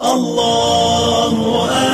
الله أكبر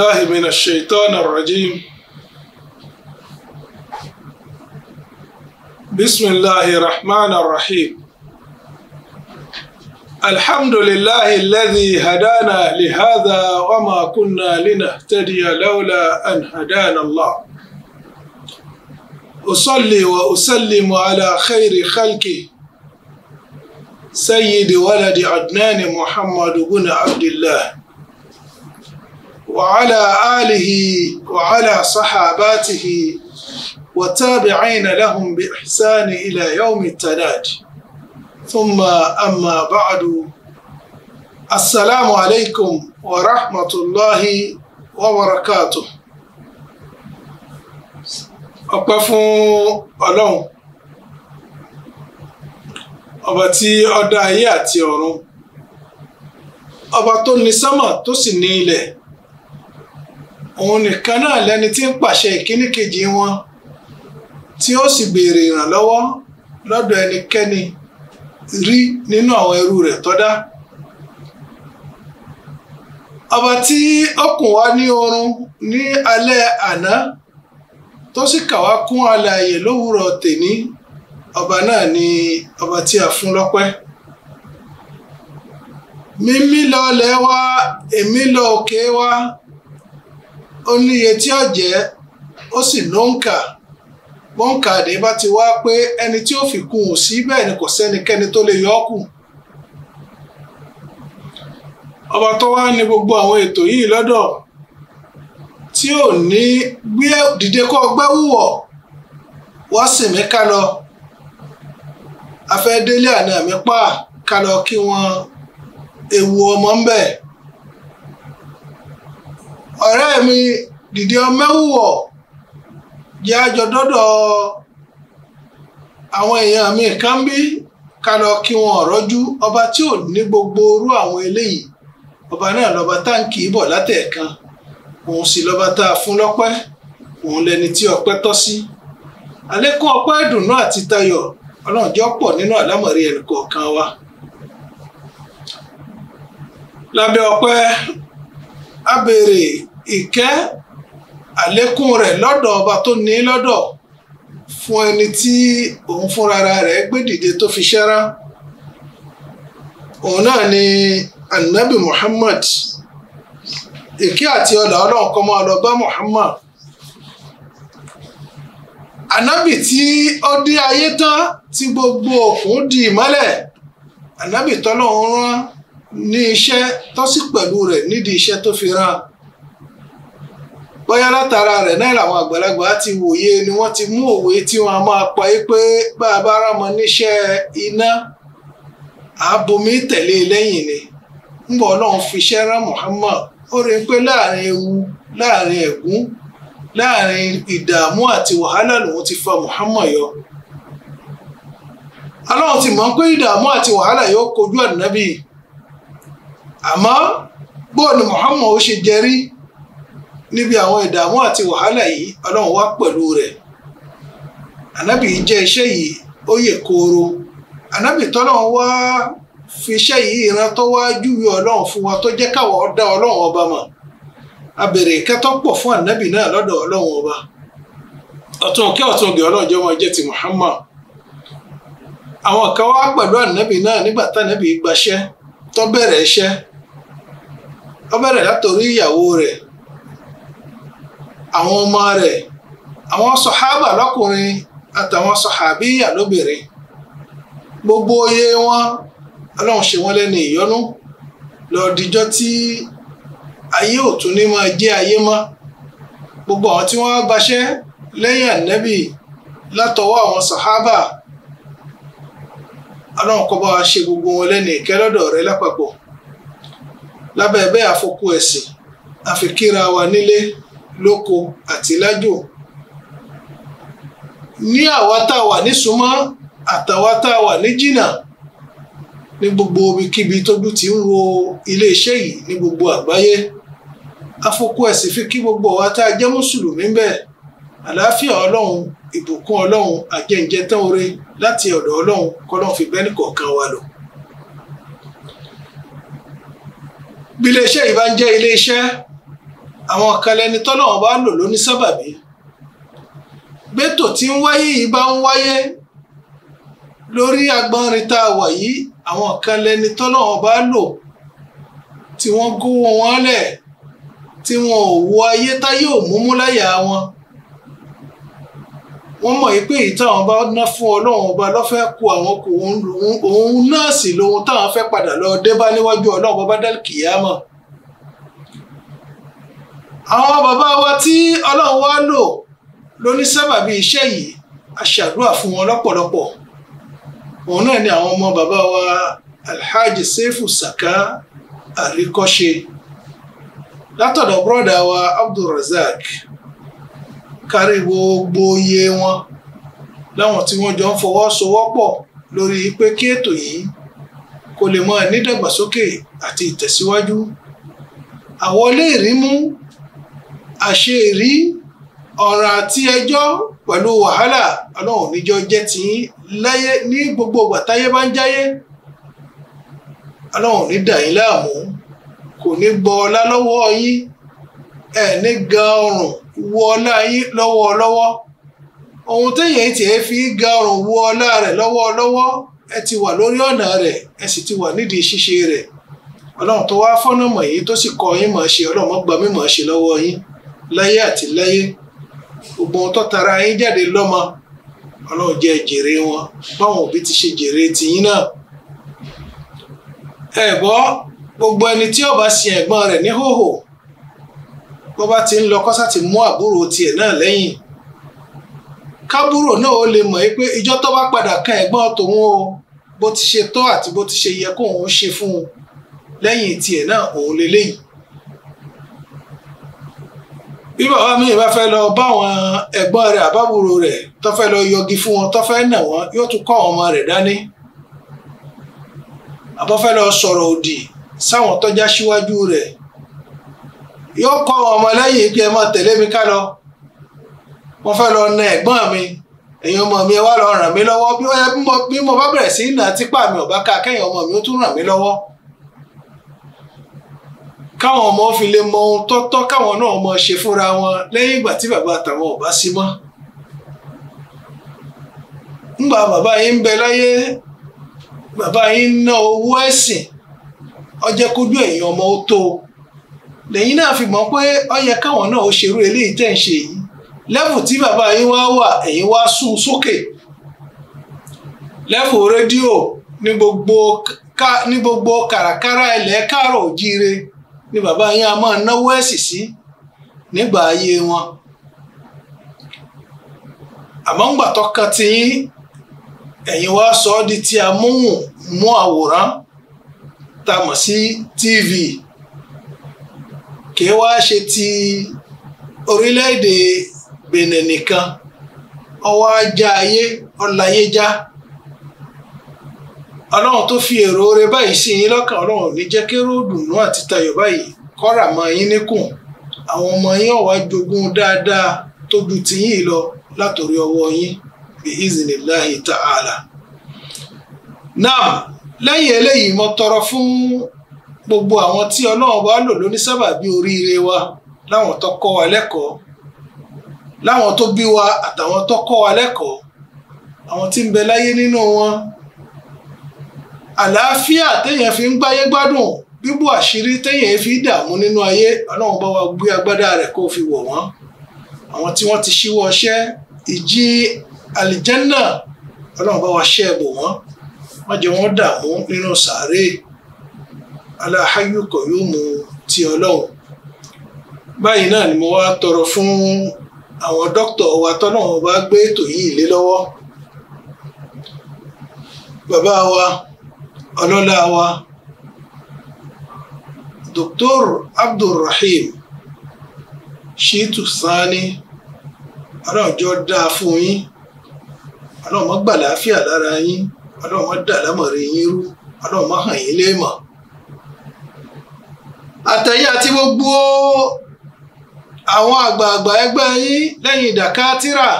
بالله من الشيطان الرجيم بسم الله الرحمن الرحيم الحمد لله الذي هدانا لهذا وما كنا لنهتدي لولا أن هدانا الله أصلي وأسلم على خير خلقي سيد ولد عدنان محمد بن عبد الله وعلى آله وعلى صحاباته وتابعين لهم بإحسان إلى يوم التناد ثم أما بعد السلام عليكم ورحمة الله وبركاته ọpẹ́ fún أبتي ọba tí ó dá ayé òun nìkan náà lẹni tí ń pàṣẹ ìkíní kejì wọn tí ó sì béèrè ìrànlọ́wọ́ lọ́dọ̀ ẹnikẹ́ni rí nínú àwọn ẹrú rẹ̀ tọ́dá ọba tí ó kùn wá ní oorun ní alẹ́ àná tó sì kà wá kún alààyè lówùúrọ̀ tèní ọba náà ni ọba tí a fún lọ́pẹ́ mímí lọlẹ̀ wá èmi lọ òkè wá ó ní iye tí ó jẹ́ ó sì ló ń kà wọ́n ń kà ní bá ti wá pé ẹni tí ó fi kún un sí bẹ́ẹ̀ ni kò sẹ́nikẹ́ni tó lè yọ ọ́ kù. ọba tó wá ní gbogbo àwọn ètò yìí lọ́dọ̀ tí ò ní gbé dìde kọ́ gbẹ́wùwọ̀ wọ́n sì mí ká lọ afẹ́ àná mi pa ká lọ kí wọ́n ewu ọmọ ń bẹ̀ẹ́. ọ̀rẹ́ mi dìde ọmẹ́wùwọ̀ jẹ́ àjọ àwọn èèyàn mi kan bí ká lọ kí wọn rọ́jú ọba tí ò ní gbogbo orú àwọn eléyìí ọba náà lọ́ba táǹkì bọ̀ látẹ̀ẹ̀kan òun sì lọba tá a fún lọ́pẹ́ òun lẹni tí ọpẹ́ tọ́ sí àlékún ọpẹ́ ìdùnnú àti tayọ̀ pọ̀ nínú àlámọ̀rí ẹnìkọ̀ọ̀kan wa lábẹ́ ọpẹ́ a béèrè ìkẹ́ àlékún rẹ̀ lọ́dọ̀ ọba tó ní lọ́dọ̀ fún ẹni tí òun fúnra rẹ̀ gbé tó fi ṣẹ́ra òun náà ni anabi muhammad ìkí àti ọlà ọlọ́run kó máa lọ muhammad anabi tí ó dé ayé tán tí gbogbo òkun di ìmọ́lẹ̀ anabi tọ́lọ́run rán ní iṣẹ́ tó sì pẹ̀lú rẹ̀ nídìí iṣẹ́ tó fi rán bóyá látara rẹ̀ náà làwọn àgbàlagbà ti wòye ni wọ́n ti mú òwe tí wọ́n á máa pa é pé bá a bá rámọ níṣẹ́ iná àbomi tẹ̀lé e lẹ́yìn ni ńbọ̀ ọlọ́run fiṣẹ́ rán Muhammad ó rí i pé láàrin ewu láàrin ẹ̀gún láàrin ìdààmú àti wàhálà lòun ti fa Muhammad yọ ọlọ́run ti mọ̀ pé ìdààmú àti wàhálà yóò kojú ànábì yìí àmọ́ bóò ni Muhammad ó ṣe jẹrí níbi àwọn ìdààmú àti wàhálà yìí ọlọ́run wá pẹ̀lú rẹ̀ ànábì jẹ́ iṣẹ́ yìí ó yè kooro ànábì tọ́lọ́run fi iṣẹ́ yìí ìran tó wá júwe ọlọ́run fún wa tó jẹ́ káwọ́ ọlọ́run ọba mọ̀ abèrè ìkẹ́tọ́ pọ̀ fún ànábì náà lọ́dọ̀ ọlọ́run ọba ọ̀tún kí ọ̀tún ọlọ́run jẹ́ wọn jẹ́ ti Muhammadu. àwọn kan wá pẹ̀lú ànábì náà nígbà tánábì gbaṣẹ́ tó bẹ̀rẹ̀ ó bẹ̀rẹ̀ látòrí ìyàwó rẹ̀ àwọn ọmọ rẹ̀ àwọn sọ̀hábà lọ́kùnrin àtàwọn sọ̀hábíyà lóbìnrin gbogbo oyè wọn ọlọ́run ṣe wọ́n lẹ́nu ìyọ́nú lọ dijọ́ tí ayé ò tún ní máa jẹ́ ayé mọ́ gbogbo àwọn tí wọ́n gbaṣẹ́ lẹ́yìn ànẹ́bì látọwọ́ àwọn sọ̀hábà ọlọ́run kó bá wa ṣe gbogbo wọn lẹ́nu ìkẹ́ lọ́dọ̀ lápapọ̀ lábẹ́ bẹ́ẹ̀ àfokù ẹ̀sìn àfikíra wa nílé lóko àti lájò ní àwa tá a wà ní súnmọ́ àtàwa tá a wà ní jìnnà ní gbogbo ibikíbi tójú ti ń wo iléeṣẹ́ yìí ní gbogbo àgbáyé àfokù ẹ̀sìn fi kí gbogbo wa tá a jẹ́ mùsùlùmí bẹ́ẹ̀ àlàáfíà ọlọ́run ìbùkún ọlọ́run àjẹǹjẹ tán oore láti ọ̀dọ̀ ọlọ́run kọ́lọ́run fi bẹ́ẹ̀ nìkọ̀ọ̀kan wa lọ. bí iléeṣẹ́ yìí bá ń jẹ́ iléeṣẹ́ àwọn kan lẹni tọ́lọ́wọ́n bá lò lóní sábàbí gbẹ́tò tí ń wáyé yìí bá ń wáyé lórí agbọ́nrin tá a wà yìí àwọn kan lẹni tọ́lọ́wọ́n bá lò tí wọ́n gówó wọn lẹ̀ tí wọn ò wo ayé táyé ò múmú láyà wọn wọ́n mọ̀ pé èyí táwọn bá ná fún ọlọ́run ọba lọ́fẹ́ kó àwọn kò òun náà sì lóhun táwọn fẹ́ padà lọ dé bá níwájú ọlọ́run bàbá dálkìyàmọ̀. àwọn bàbá wa tí ọlọ́run wá lò ló ní sábàbí iṣẹ́ yìí a ṣàdúrà fún wọn lọ́pọ̀lọpọ̀ òun náà ni àwọn ọmọ bàbá wa alhaji seifu saka àríkọ́ṣe látọ̀dọ̀ bọ́dà wa abdulrasaq. kárí gbogbo iye wọn láwọn tí wọn jọ ń fọwọ́sowọ́pọ̀ lórí pé kí ètò yìí kò lè mọ nídàgbàsókè àti ìtẹ̀síwájú àwọn iléèrímú àṣe ìrí ọ̀ràn àti ẹjọ́ pẹ̀lú wàhálà ọlọ́run níjọ́ jẹ́ tí láyé ní gbogbo bá ń jáyé ọlọ́run ní láàmú wo ọlá yín lọ́wọ́ lọ́wọ́ ohun téèyàn ti ẹ fi ga ọrùn wo ọlá rẹ̀ lọ́wọ́ lọ́wọ́ ẹ ti wà lórí ọ̀nà rẹ̀ ẹ sì ti wà nídìí ṣíṣe rẹ̀ ọlọ́run tó wá fọ́nà mọ̀ yìí tó sì kọ yín mọ̀ ṣe ọlọ́run gbà mí mọ̀ ṣe lọ́wọ́ yín láyé àti láyé gbogbo ohun tó tara yín jáde lọ́mọ ọlọ́run jẹ́ jèrè wọn báwọn òbí ti ṣe jèrè tìyín náà ẹ gbọ́ gbogbo ẹni tí ó sin ẹ̀gbọ́n rẹ̀ ní hòhò bó bá ti ń lọ kọ́sà ti mú àbúrò tiẹ̀ náà lẹ́yìn kábúrò náà ó lè mọ̀ pé ìjọ tó bá padà kan ẹ̀gbọ́n tòun o bó ti ṣe tọ́ àti bó ti ṣe yẹ kóun ó ṣe fún un lẹ́yìn tiẹ̀ náà òun lélẹ́yìn bí bàbá mi bá fẹ́ lọ bá àwọn ẹ̀gbọ́n rẹ̀ àbábúrò rẹ̀ tó fẹ́ lọ yọgi fún wọn tó fẹ́ nà wọ́n yóò tún kọ́ ọmọ rẹ̀ dání àbọ̀ lọ sọ̀rọ̀ òdì sáwọn tọ́já síwájú rẹ̀ yóò kọ́ ọmọ lẹ́yìn pé ẹ máa tẹ̀lé mi ká lọ wọ́n fẹ́ lọ na ẹ̀gbọ́n mi ẹ̀yin ọmọ mi ẹ wá lọ ràn mí lọ́wọ́ bí mo bá bẹ̀rẹ̀ sí nà tipa mi ọba ká kẹ́yìn ọmọ mi ó tún ràn mí lọ́wọ́ káwọn ọmọ fi lè ohun káwọn náà mọ ṣe fúnra wọn lẹ́yìn ìgbà tí bàbá àtàwọn sí mọ́ bàbá ń bẹ láyé bàbá ń ná ọmọ ó tó lẹ́yìn náà fi mọ̀ pé ó yẹ káwọn náà ó ṣerú eléyìí tẹ̀ ń ṣe yìí lẹ́fù tí bàbá yín wá wà ẹ̀yin wá sún sókè lẹ́fù rédíò ní gbogbo ká ní gbogbo kàràkàrà ilẹ̀ káàrọ̀ òjíire ni bàbá yín a máa náwó ẹ̀sì sí nígbà ayé wọn àmọ́ ń gbà tọ́ka ti yín ẹ̀yin wá sọ ọ́ di ti amóhùn àwòrán tá a mọ̀ sí tv. kí í wá ṣe ti orílẹ̀-èdè Benin nìkan ọwọ́ ajá ayé ọ̀làyé já ọlọ́run tó fi èrò oore báyìí sí yín lọ́kàn ọlọ́run ò ní jẹ́ kí ròdùnú àti tayọ̀ báyìí kọ́ra mọ́ yín níkùn àwọn ọmọ yín ọ̀wá jogún dáadáa tó ju yín lọ látòrí ọwọ́ yín bí iznillahi ta'ala. náà lẹ́yìn eléyìí mo tọrọ fún gbogbo àwọn tí ọlọ́run bá lò lóní sábàbí oríire wa láwọn tó kọ́ wa lẹ́kọ̀ọ́ láwọn tó bí wa àtàwọn tó kọ́ wa lẹ́kọ̀ọ́ àwọn tí ń bẹ láyé nínú wọn àlàáfíà téèyàn fi ń gbáyé gbádùn bíbú àṣírí téèyàn fi dààmú nínú ayé ọlọ́run bá wa gbé agbádá rẹ̀ kó fi wọ̀ wọ́n àwọn tí wọ́n ti ṣíwọ́ ọṣẹ́ ìjì àlìjẹ́nà ọlọ́run bá wa ṣẹ́ ẹ̀bùn wọ́n má jẹ́ wọ́n dààmú nínú sàárè aláhayú kọ̀yọ́mù ti ọlọ́run báyìí náà ni mo wá tọrọ fún àwọn dókítà wa tọ́nà wọn bá gbé ètò yìí lé lọ́wọ́ bàbá wa ọlọ́lá wa Dr. Abdulrahim Shitu Sani ọlọ́ọ̀jọ́ dáa fún yín ọlọ́ọ̀mọ́ gbà lára yín ọlọ́ọ̀mọ́ dà lámọ̀rẹ́ yín rú ọlọ́ọ̀mọ́ hàn yín léèmọ̀. àtẹ̀yìn àti gbogbo àwọn àgbààgbà ẹgbẹ́ yín lẹ́yìn ìdàkátìrà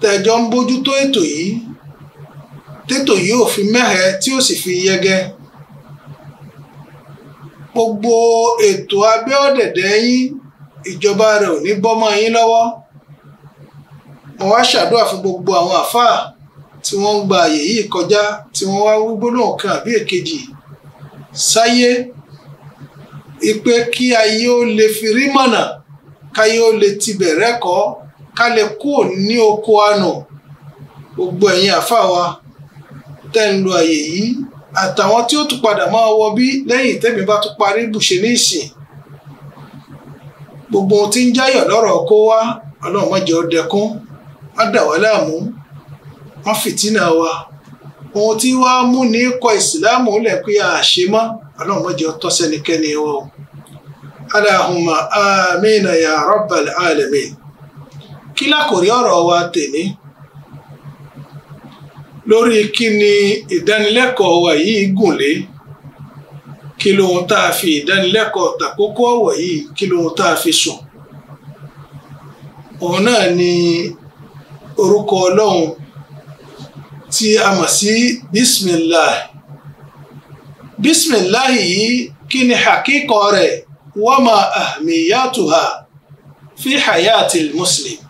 tẹ̀jọ́ ń bójútó ètò yìí tètò yìí ò fi mẹ́hẹ tí ó sì fi yẹgẹ gbogbo ètò abẹ́ ọ̀dẹ̀dẹ̀ yín ìjọba rẹ̀ ò ní bọ́mọ yín lọ́wọ́ mo wá ṣàdúrà fún gbogbo àwọn àfáà tí wọ́n ń gba àyè yìí kọjá tí wọ́n wá wí gbólóhùn kan àbí èkejì sáyé ìpè kí ayé ó lè fi rí mọ̀nà káyé ó lè tibẹ̀ rẹ́kọ̀ọ́ ká lè kúrò ní oko àná gbogbo ẹ̀yin àfáà wa tẹ́ ń lo àyè yìí àtàwọn tí ó tún padà máa wọ bí lẹ́yìn tẹ́mi bá tún parí bùṣe ní ìsìn gbogbo ohun tí ń jáyọ̀ lọ́rọ̀ kó wá ọlọ́run má dẹkún má dà wá láàmú má fìtínà wa ohun tí wàá mú ní kọ ìsìláàmù lẹ̀ pé a ṣe mọ́ ọlọ́run mọ́jọ tọ́ sẹ́nikẹ́ni o aláhùnmá amínà ya rabbal alamin kí lákòrí ọ̀rọ̀ wa tèmi lórí kí ni ìdánilẹ́kọ̀ọ́ wa yìí gùn lé kí lóhun tá a fi ìdánilẹ́kọ̀ọ́ tàkókò ọ̀wọ̀ yìí kí lóhun tá a fi sùn òun náà ni orúkọ ọlọ́run tí a mọ̀ sí bismillah bismillah yìí kí ni hakíkọ rẹ̀ wa ma ahmiyatuha fi hayatil muslim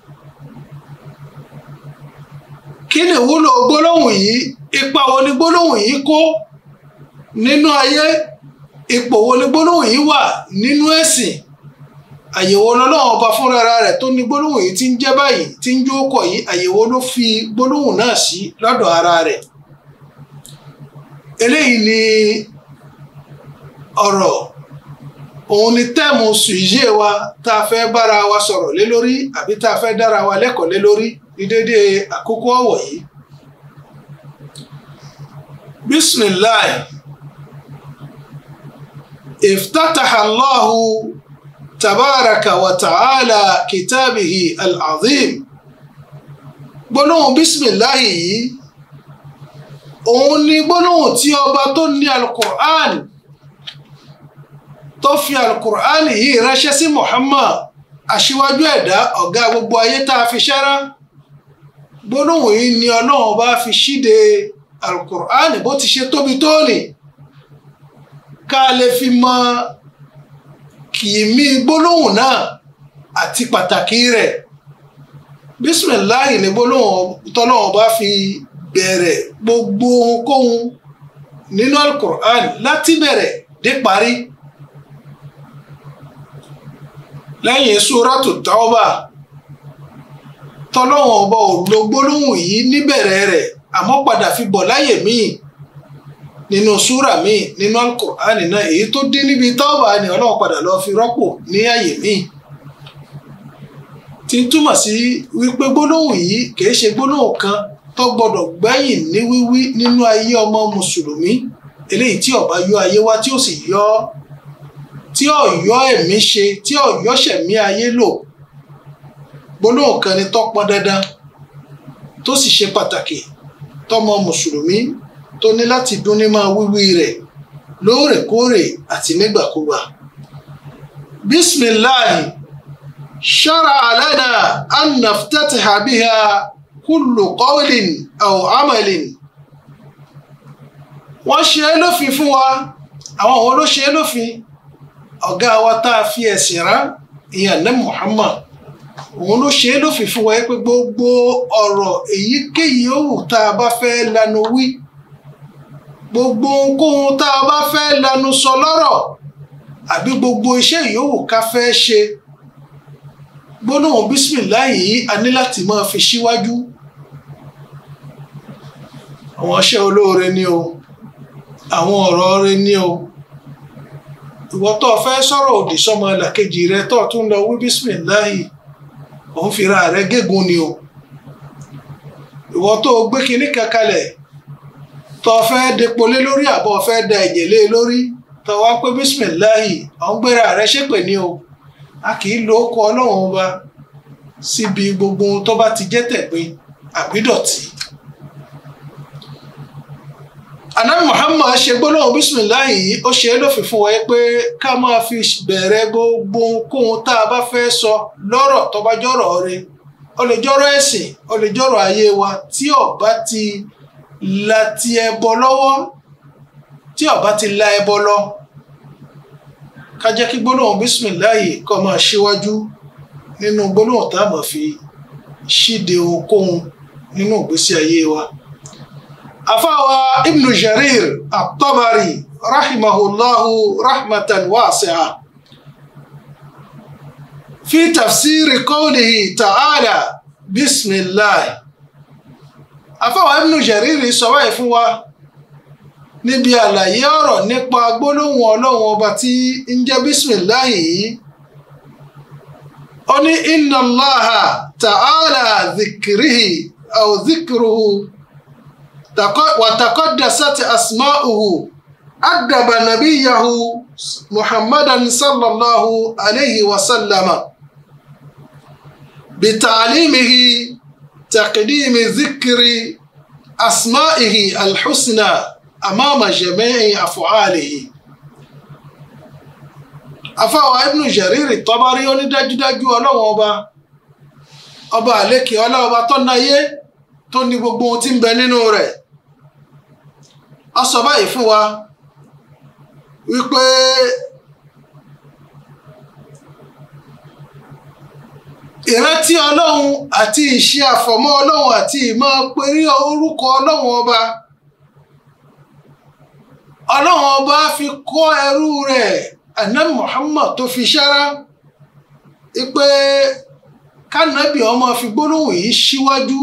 kí ni ìwúlò gbólóhùn yìí ipa wo ni gbólóhùn yìí kó nínú ayé ipò wo ni gbólóhùn yìí wà nínú ẹ̀sìn àyẹ̀wò ọlọ́run ọba fúnra rẹ̀ tó ní gbólóhùn yìí ti ń jẹ́ báyìí ti ń jó kọ̀ yìí àyẹ̀wò ló fi gbólóhùn náà sí lọ́dọ̀ ara rẹ̀ eléyìí ni ọ̀rọ̀ òun ni tẹ́ẹ̀mù sùìyé wa tá a fẹ́ bára wa sọ̀rọ̀ lé lórí àbí tá a fẹ́ dára wa lẹ́kọ̀ọ́ lé lórí ní dédé àkókò ọ̀wọ̀ yìí bisimilayi iftataha تبارك وتعالى كتابه العظيم gbólóhùn bísímìláhì yìí òun ni gbólóhùn tí ọba tó ní alukur'an tó fi alukur'an yìí ránṣẹ́ sí muhammad aṣíwájú ẹ̀dá ọ̀gá gbogbo ayé tá a fi ṣẹ́rá gbólóhùn yìí ni ọlọ́run bá fi ṣíde alukur'an bó ti ṣe tóbi tóòlì ká lè fi mọ kìímí gbólóhùn náà àti pàtàkì rẹ̀ bísímẹ̀láì ní gbólóhùn tọ́lọ́wọ́n bá fi bẹ̀rẹ̀ gbogbo ohunkóhun nínú alukur'an láti bẹ̀rẹ̀ dé parí lẹ́yìn súrátù táọ́bà tọ́lọ́wọ́n ọba ò lo gbólóhùn yìí níbẹ̀rẹ̀ rẹ̀ àmọ́ padà fi bọ̀ láyè míì nínú súrà míì nínú alukur'ani náà èyí tó dín níbi tọ́ọ̀bà ni ọlọ́run padà lọ́ọ́ fi rọ́pò ní àyè míì ti túmọ̀ sí wípé gbólóhùn yìí kìí ṣe gbólóhùn kan tó gbọdọ̀ gbẹ̀yìn ní wíwí nínú ayé ọmọ mùsùlùmí eléyìí tí ó bá yọ ayé wá tí ó sì yọ tí ó yọ ṣe tí ó yọ ayé lò gbólóhùn kan ni tó pọn dandan tó sì ṣe pàtàkì tọmọ mùsùlùmí tó ní láti dún ní máa wíwí rẹ̀ lóòrèkóòrè àti nígbàkúgbà. bisimilahi ṣara alana an naftatiha biha kullu qawlin aw amalin. wọ́n ṣe é lófin fún wa àwọn òun ló ṣe é lófin ọ̀gá wa tá a fi ẹ̀sìn rán ìyẹn ní Muhammad òun ló ṣe é lófin fún wa pé gbogbo ọ̀rọ̀ èyíkéyìí òwò tá a bá fẹ́ lanu wí gbogbo ohunkóhun tá a bá fẹ́ lanu sọ lọ́rọ̀ àbí gbogbo iṣẹ́ ìyówù ká fẹ́ ṣe gbólóhùn bísímìlá yìí a ní láti máa fi síwájú àwọn iṣẹ́ olóore ni o àwọn ọ̀rọ̀ ọ̀rẹ́ ni o ìwọ tó o fẹ́ sọ̀rọ̀ òdì sọ́mọ làkejì rẹ tó o tún lọ wí bísímìlá yìí òun fira rẹ gégùn ni o ìwọ tó o gbé kinní kan kalẹ̀ tó fẹ́ depo lé lórí àbọ̀ fẹ́ da ẹ̀jẹ̀ lé e lórí tó wá pé bísímìláì ọ̀hún gbéra rẹ ṣépè ní o a kì í lo ọkọ̀ ọlọ́run ọba síbi gbogbo tó bá ti jẹ́ tẹ̀gbin àbídọ̀tí. Ànábì Muhammad ṣe gbólóhùn bísímìláì yìí ó ṣe é lófin fún wa yẹ pé ká máa fi bẹ̀rẹ̀ gbogbo ohunkóhun tá a bá fẹ́ sọ lọ́rọ̀ tó bá jọ̀rọ̀ rẹ ó ẹ̀sìn ó ayé wa tí ó ti la ti ẹbọ lọ́wọ́ tí ó bá ti la ẹbọ lọ ká jẹ́ kí gbólóhùn bísímìláyè kó máa ṣíwájú nínú gbólóhùn tá a máa fi ṣíde ohunkóhun nínú ìgbésí ayé wa. afáwa ibnu jarir at-tabari rahmatan wasi'a fi tafsiri qawlihi ta'ala bisimilahi afáwọn Ibn Jariri sọ báyìí fún wa níbi àlàyé ọ̀rọ̀ nípa gbólóhùn ọlọ́run ọba tí ń jẹ́ bísímìláhì yìí ó ní inna Allaha ta'ala dhikrihi aw dhikruhu wa taqaddasat asma'uhu adaba nabiyahu muhammadan sallallahu alayhi wa sallama bitalimihi. تقديم ذكر أسمائه الحسنى أمام جميع أفعاله afáwa ibnu wa tọbarí ó ní dájúdájú ọlọ́wọ́n ọba ọba àlékè ọlọ́wọ́ba tó náyé tọ ní gbogbo ohun tí nínú rẹ̀ sọ wa ìrántí ọlọ́run àti ìṣe àfọ̀mọ́ ọlọ́run àti ìmọ̀ péré orúkọ ọlọ́run ọba ọlọ́run ọba fi kọ́ ẹrú rẹ̀ anam Muhammad tó fi ṣára pé kánábì ọmọ fi gbólóhùn yìí síwájú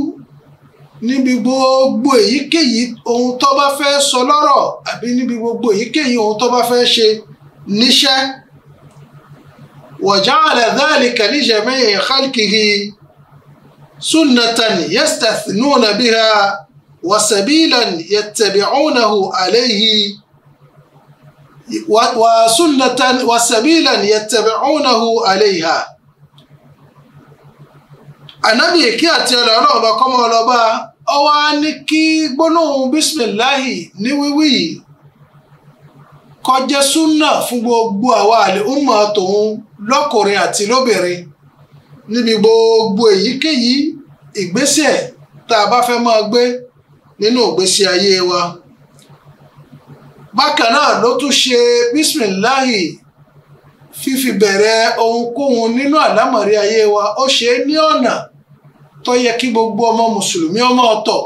níbi gbogbo èyíkéyìí ohun tó bá fẹ́ sọ lọ́rọ̀ àbí níbi gbogbo èyíkéyìí ohun tó bá fẹ́ ṣe níṣẹ́ وجعل ذلك لجميع خلقه سنة يستثنون بها وسبيلا يتبعونه عليه وسنة وسبيلا يتبعونه عليها النبي èké àti ọlọ́rọ̀ ọba kọ́mọ ọlọ́ba ọwọ́ á ní kí kọjá súnà fún gbogbo àwa ọmọ tòun lọ́kùnrin àti lóbìnrin níbi gbogbo èyíkéyìí ìgbésẹ̀ tá a bá fẹ́ máa gbé nínú ìgbésí ayé wa bákan náà ló tún ṣe bísímìláhì fífi bẹ̀rẹ̀ ohunkóhun nínú àlámọ̀rí ayé wa ó ṣe é ní ọ̀nà tó yẹ kí gbogbo ọmọ mùsùlùmí ọmọ ọ̀tọ̀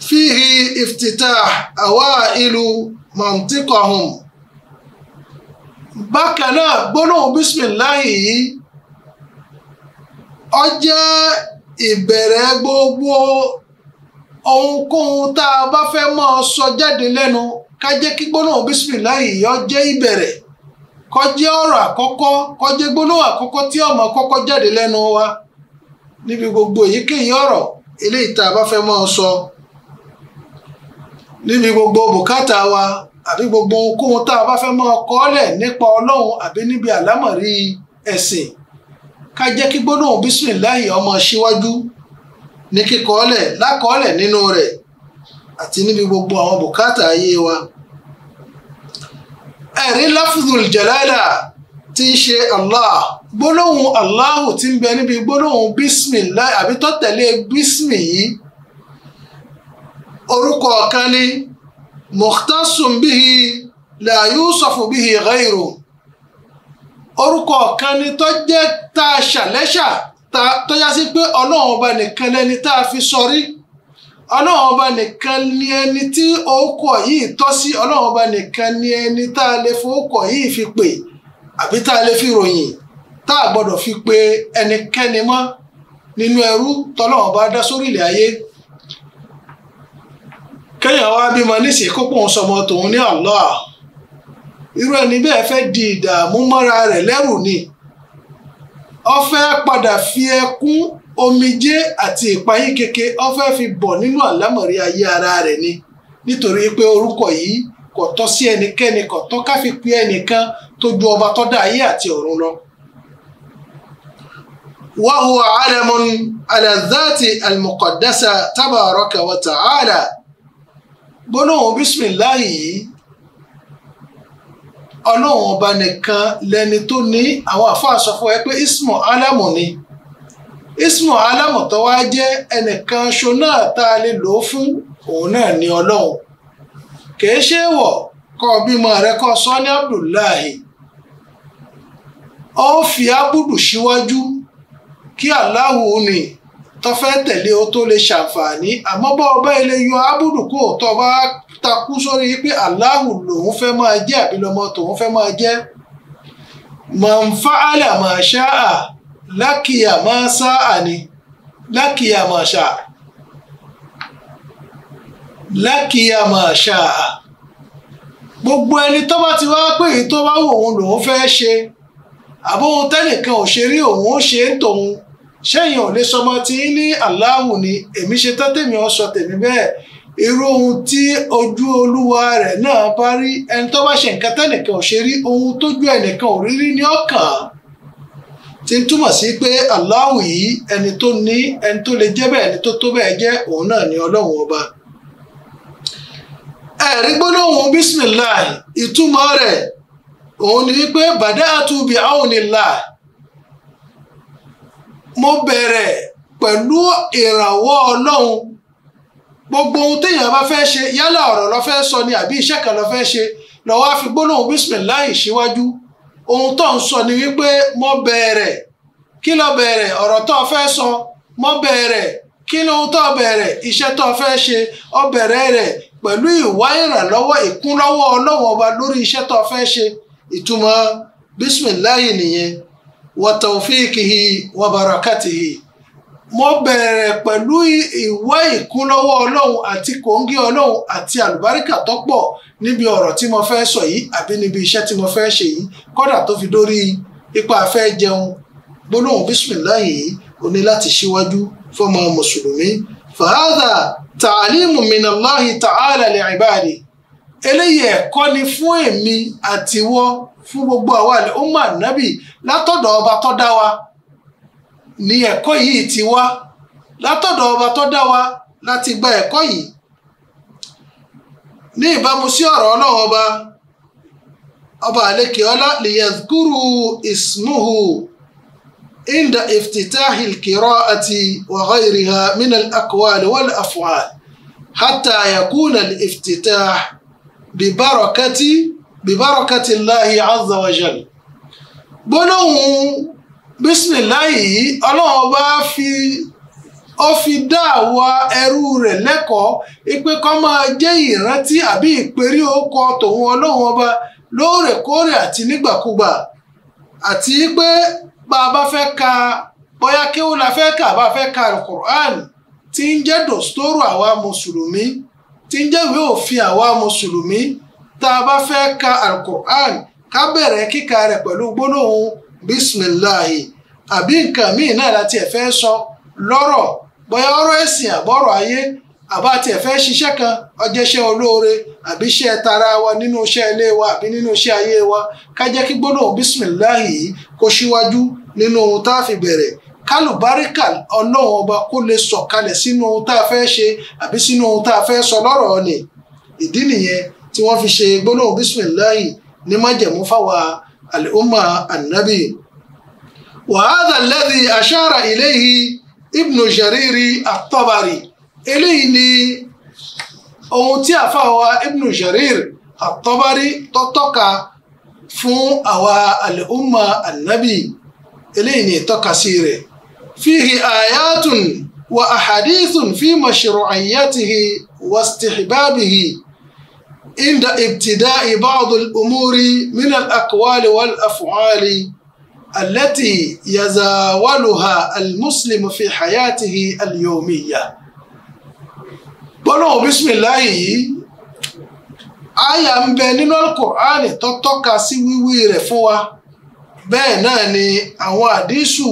فيه افتتاح أوائل منطقهم bákan náà gbóná bísímìláì yìí ó jẹ́ ìbẹ̀rẹ̀ gbogbo ohunkóhun tá a bá fẹ́ mọ́ ọ sọ jáde lẹ́nu ká jẹ́ kí gbólóhùn bísímìláì yìí ó jẹ́ ìbẹ̀rẹ̀ kó jẹ́ ọ̀rọ̀ àkọ́kọ́ kó jẹ́ gbólóhùn àkọ́kọ́ tí ó máa jáde lẹ́nu wa níbi gbogbo èyíkéyìí ọrọ eléyìí tá a bá fẹ́ mọ́ sọ. So. níbi gbogbo bùkátà wa àbí gbogbo ohunkóhun tá a bá fẹ́ máa kọ́lẹ̀ nípa ọlọ́run àbí níbi àlámọ̀rí ẹ̀sìn ká jẹ́ kí gbólóhùn bísímìláhì ọmọ síwájú ní kíkọ́lẹ̀ lákọ́lẹ̀ nínú rẹ̀ àti níbi gbogbo àwọn bùkátà ayé wa. ẹ̀rí láfùdùl jàlálà tí ń ṣe Allah gbólóhùn Allahu tí ń bẹ níbi gbólóhùn bísímìláhì àbí tó tẹ̀lé yìí orúkọ kan ní mukhtasun bihi la yusufu bihi ghayru orúkọ kan ní tó jẹ́ tá a ṣàlẹ́ṣà tó yá sí pé ọlọ́run ọba nìkan lẹni tá a fi sọrí ọlọ́run ọba nìkan ni ẹni tí orúkọ yìí tọ́ sí ọlọ́run ọba nìkan ni ẹni tá a lè forúkọ yìí fi pè àbí tá a lè fi ròyìn tá a gbọ́dọ̀ fi pe ẹnikẹ́ni mọ́ nínú ẹrú tọ́lọ́run ọba dá sórí ilẹ̀ ayé kéèyàn wá bímọ nísìnyí kó pòun sọmọ tòun ní Allah irú ẹni bẹ́ẹ̀ fẹ́ di ìdààmú mọ́ra rẹ̀ lẹ́rù ni ó padà fi ẹkún omijé àti ìpayín keke ó fi bọ̀ nínú àlámọ̀rí ayé ara rẹ̀ ni nítorí pé orúkọ yìí kò tọ́ sí ẹnikẹ́ni kò tọ́ ká fi ẹnìkan tó ju ọba tó dá ayé àti ọ̀run lọ. wa huwa alamun ala dhati al-muqaddasa tabaraka gbólóhùn bísímìláì yìí ọlọ́run ọba nìkan lẹni tó ní àwọn àfáà sọ fún ẹ pé ismu alamu ni ismu alamu tó wá jẹ́ ẹnìkan ṣo náà tá a lè lò ó fún òun náà ni ọlọ́run kìí ṣe wọ̀ kọ́ bímọ rẹ kọ́ sọ ní abdullahi ó fi abudu síwájú kí aláwo ni tó fẹ́ tẹ̀lé o tó lè ṣàǹfààní àmọ́ bá ọba ilé yọ ábùdù kó o tọ́ bá takú sórí pé aláhù lòun fẹ́ máa jẹ́ àbílọ́mọ tòun fẹ́ máa jẹ́ mọ̀nfàálà máa ṣáà lákìyà máa ṣáà ni lákìyà máa ṣáà lákìyà máa ṣáà gbogbo ẹni tó bá ti wá pé èyí tó bá wù òun lòun fẹ́ ṣe àbóhun tẹ́nìkan ò ṣe rí òun ó ṣe ń tòun ṣéyìn ò lè sọmọ tí ń ní aláwù ni èmi ṣe tán tèmi ọ sọ tèmi bẹ́ẹ̀ irú ohun tí ojú olúwa rẹ̀ náà bá rí ẹni tó bá ṣe nǹkan tẹ́nìkan ò ṣe rí ohun tójú ẹnìkan ò rí rí ní ọkàn ti ń túmọ̀ sí pé aláwù yìí ẹni tó ní ẹni tó lè jẹ́ bẹ́ẹ̀ ẹni tó tó bẹ́ẹ̀ jẹ́ òun náà ni ọlọ́run ọba ẹ̀rí gbólóhùn bísímìláì ìtumọ̀ rẹ̀ òun ni wípé bàdá àtúbì àwọn oníláì mo bẹ̀rẹ̀ pẹ̀lú ìrànwọ́ ọlọ́run gbogbo ohun téèyàn bá fẹ́ ṣe yálà ọ̀rọ̀ lọ fẹ́ sọ ni àbí iṣẹ́ kan lọ fẹ́ ṣe lọ́wọ́ á fi gbólóhùn bísímìláì ohun tó ń sọ ni wípé mo bẹ̀rẹ̀ kí sọ mo bẹ̀rẹ̀ kí tó bẹ̀rẹ̀ iṣẹ́ tó fẹ́ ṣe ọ bẹ̀rẹ̀ rẹ̀ pẹ̀lú ìwá ìrànlọ́wọ́ ìkúnlọ́wọ́ ọba wàtàwfíkìhì wàbàràkàtìhì mo bẹ̀rẹ̀ pẹ̀lú ìwá ìkúnlọ́wọ́ ọlọ́run àti kòńgí ọlọ́run àti àlùbáríkà tó pọ̀ níbi ọ̀rọ̀ tí mo fẹ́ sọ yìí àbí níbi iṣẹ́ tí mo fẹ́ ṣe yìí kódà tó fi dórí ipa afẹ́ jẹun gbólóhùn bísímìláì yìí o ní láti ṣíwájú fọmọ mùsùlùmí fàhádà tààlímù mìnàláhi tààlà li ibadi eléyìí ẹ̀kọ́ ni fún èmi àtiwọ́ fún gbogbo àwa ọmọ ànábì látọ̀dọ̀ ọba tó dá wa ni ẹ̀kọ́ yìí ti wá látọ̀dọ̀ ọba tó dá wa láti gba ẹ̀kọ́ yìí ní ìbámu sí ọ̀rọ̀ ọlọ́run ọba ọba àlekè ọlá liyadhkuru ismuhu inda iftitahi alqira'ati wa ghayriha min al-aqwal wal af'al hatta yakuna al-iftitah. bibarakati lahi Allahi azza wa gbólóhùn bísímìláì ọlọ́run bá fi ó fi dá àwa ẹrú rẹ̀ lẹ́kọ̀ọ́ ipe kọ́ máa jẹ́ ìrántí àbí ìpèrí oko tòun ọlọ́run ọba lóòrèkóòrè àti nígbàkúgbà àti pé bá a bá fẹ́ ka bóyá kéwòn la fẹ́ kà bá ka alukur'an ń jẹ́ dòstóró àwa mùsùlùmí tí ń jẹ́ ìwé òfin àwa mùsùlùmí tá a bá fẹ́ ka alukur'an ká bẹ̀rẹ̀ kíka rẹ̀ pẹ̀lú gbólóhùn bisimilahi àbí nǹkan míì náà láti sọ lọ́rọ̀ bóyá ọ̀rọ̀ ẹ̀sìn àbọ̀rọ̀ ayé àbá ṣiṣẹ́ kan tara wa nínú iṣẹ́ ilé wa àbí nínú iṣẹ́ ayé wa ká jẹ́ kí gbólóhùn bisimilahi kó síwájú nínú ohun tá kálùbáríkà ọlọ́run ọba kó lè sọ̀kalẹ̀ sínú ohun tá a fẹ́ ṣe àbí sínú ohun tá a fẹ́ sọ lọ́rọ̀ ni ìdí nìyẹn tí wọ́n fi ṣe gbólóhùn bísímìláì ní májẹ̀mú fáwa àlùmọ́ ànábì. wàhálà alladhi ashara ilayhi ibnu jariri at-tabari eléyìí ni ohun tí àfàwa ibnu jarir at tọ́tọ́ka fún àwa àlùmọ́ ànábì eléyìí ni ìtọ́kasí rẹ̀. فيه آيات وأحاديث في مشروعيته واستحبابه عند ابتداء بعض الأمور من الأقوال والأفعال التي يزاولها المسلم في حياته اليومية بلو بسم الله àyà ń bẹ nínú alukur'ani tó tọ́ka sí wíwí rẹ̀ fún wa bẹ́ẹ̀ náà ni àwọn àdísù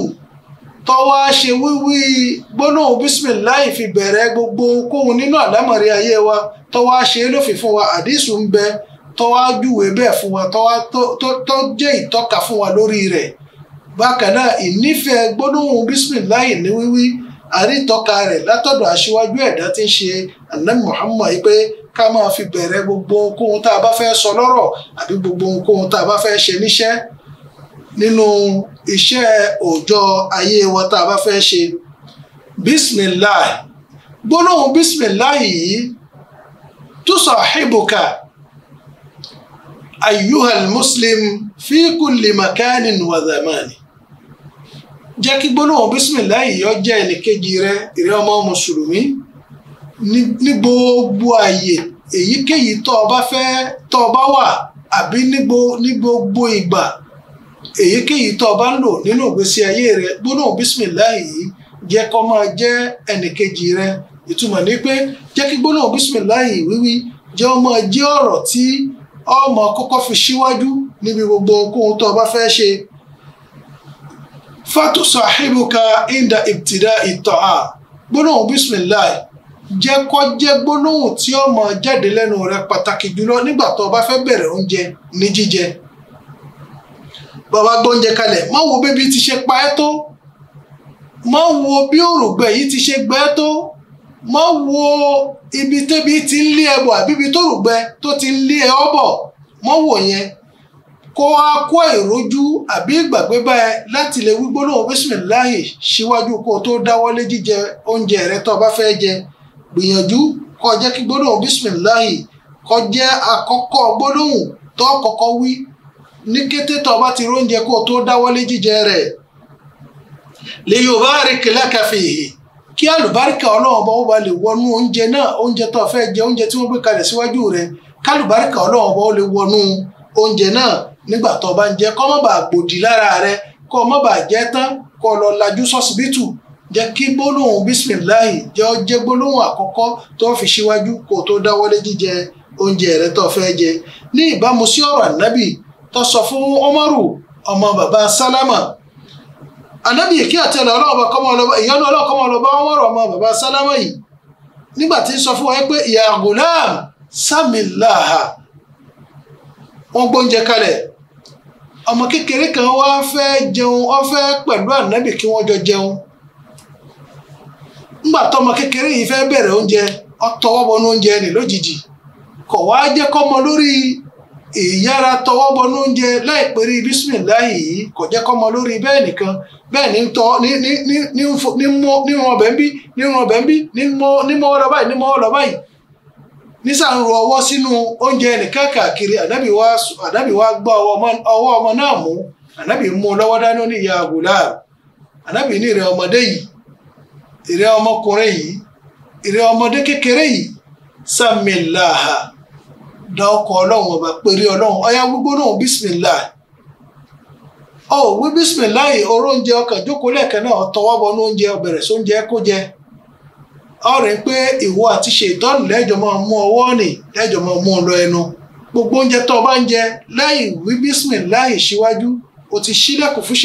tọ́wọ́ ṣe wíwí gbólóhùn bísímìláì fi bẹ̀rẹ̀ gbogbo kóhun nínú àdámọ̀rí ayé wa tọ́wọ́ ṣe é lófin fún wa àdísù ń bẹ tọ́wọ́ júwe bẹ́ẹ̀ fún wa tọ́wọ́ tó jẹ́ ìtọ́ka fún wa lórí rẹ̀ bákan náà ìnífẹ̀ẹ́ gbólóhùn bísímìláì ní wíwí àrítọ́ka rẹ̀ látọ̀dọ̀ aṣíwájú ẹ̀dá tí ń ṣe Ànábì Muhammad pé ká máa fi bẹ̀rẹ̀ gbogbo kóhun tá a bá fẹ́ sọ lọ́rọ̀ àbí gbogbo kóhun tá a bá fẹ́ ṣe níṣẹ́ nínú iṣẹ́ òòjọ́ ayé wa tá a bá fẹ́ ṣe bisimilahi gbólóhùn bisimilahi yìí tusahibuka ayyuhal muslim fi kulli makanin wa zamani jẹ́ kí gbólóhùn bisimilahi yìí ó jẹ́ ẹnìkejì rẹ ìrẹ́ ọmọ mùsùlùmí ní gbogbo àyè èyíkéyìí tó o fẹ́ tó o wà àbí ní gbogbo ìgbà èyíkéyìí tó o bá ń lò nínú ìgbésí ayé rẹ gbólóhùn bísímìláì yìí jẹ́ kó máa jẹ́ ẹnìkejì rẹ ìtumọ̀ ni pé jẹ́ kí gbólóhùn bísímìláì wíwí jẹ́ ó máa jẹ́ ọ̀rọ̀ tí o máa kọ́kọ́ fi síwájú níbi gbogbo ohun tó o bá fẹ́ ṣe. fatu sahibuka inda ibtida itoha gbólóhùn bísímìláì jẹ́ kó jẹ́ gbólóhùn tí ó máa jáde lẹ́nu rẹ pàtàkì jùlọ nígbà tó o bá fẹ́ bẹ̀rẹ̀ oúnjẹ ní jíjẹ bàbá gbóúnjẹ kalẹ̀ má wo bébí ti ṣe pa ẹ́ tó má wo bí òrùngbẹ yìí ti ṣe gbẹ tó má wo ibi tẹ́bi ti ń lé ẹ bọ̀ àbí ibi tó rùgbẹ tó ti ń lé ẹ ọ́ bọ̀ má wo yẹn kó a kó ìrójú àbí ìgbàgbé bá ẹ láti lè wí gbólóhùn bísímìláhì síwájú kó o tó dáwọ́lé jíjẹ oúnjẹ rẹ tó o bá fẹ́ jẹ gbìyànjú kó jẹ́ kí gbólóhùn bísímìláhì kó jẹ́ àkọ́kọ́ gbólóhùn tó kọ́kọ́ wí ní kété tó o bá ti róúnjẹ kó o tó dáwọ́lé jíjẹ rẹ̀ lè yorùbá rè kílẹ̀ kẹfì yìí kí àlùbáríkà ọlọ́run ọba ó ba lè wọnú oúnjẹ náà oúnjẹ tó o fẹ́ jẹ oúnjẹ tí wọ́n gbé kalẹ̀ síwájú rẹ̀ kálùbáríkà ọlọ́run ọba ó lè wọnú oúnjẹ náà nígbà tó o bá ń jẹ kó má bàa gbòdì lára rẹ kó má bàa jẹ tán kó lọ lajú sọ́sibítù jẹ́ kí gbólóhùn bísímìláì jẹ́ ọ jẹ́ gbólóhùn àkọ́kọ́ tó fi síwájú kó tó dáwọ́lé jíjẹ oúnjẹ rẹ tó fẹ́ jẹ ní ìbámu sí ọ̀rọ̀ ànábì tó sọ fún Umaru ọmọ bàbá sálámà anábì kí àti ọ̀nà ọlọ́ọ̀bà kọ́mọ ọmọrù ọmọ bàbá sálámà yìí nígbà tí ń sọ fún wa pé ya gulam samilaha wọ́n gbóúnjẹ kalẹ̀ ọmọ kékeré kan wá fẹ́ jẹun fẹ́ pẹ̀lú kí wọ́n jọ jẹun kékeré yìí fẹ́ bẹ̀rẹ̀ oúnjẹ tọwọ́ oúnjẹ lójijì wá jẹ́ kọ́mọ lórí ìyára tọwọ́ bọnú oúnjẹ láìpẹ́rí bísímìláì yìí kò jẹ́ kọ́mọ lórí bẹ́ẹ̀ nìkan bẹ́ẹ̀ ní tọ́ ní ní ní ní ní rún ọbẹ̀ ń bí ní rún ọbẹ̀ ń bí ní mọ́ ọ̀rọ̀ báyìí ní mọ́ ọ̀rọ̀ báyìí nísàn ru ọwọ́ sínú oúnjẹ nìkan káàkiri ànábì ànábì wa gbọ́ ọwọ́ ọmọ náà mú ànábì mú lọ́wọ́ dání ní ìyá àgùlá ànábì ní ìrẹ ọmọdé yìí ìrẹ ọmọkùnrin yìí ìrẹ ọmọdé kékeré yìí sàmìláhà da ọkọ ọlọ́run ọba pèrè ọlọ́run ọyá gbogbo náà bísímìlá ọ wí oró oúnjẹ ọkàn jókòó lẹ́ẹ̀kan náà tọwọ́ oúnjẹ ọbẹ̀rẹ̀ sóúnjẹ kó jẹ ọrẹ pé ìwọ àti ṣètọ́nù lẹ́jọ́ máa mú ọwọ́ nì lẹ́jọ́ máa mú ọ lọ ẹnu gbogbo oúnjẹ tó o bá ń jẹ láì wí síwájú o ti lẹ́kùn fún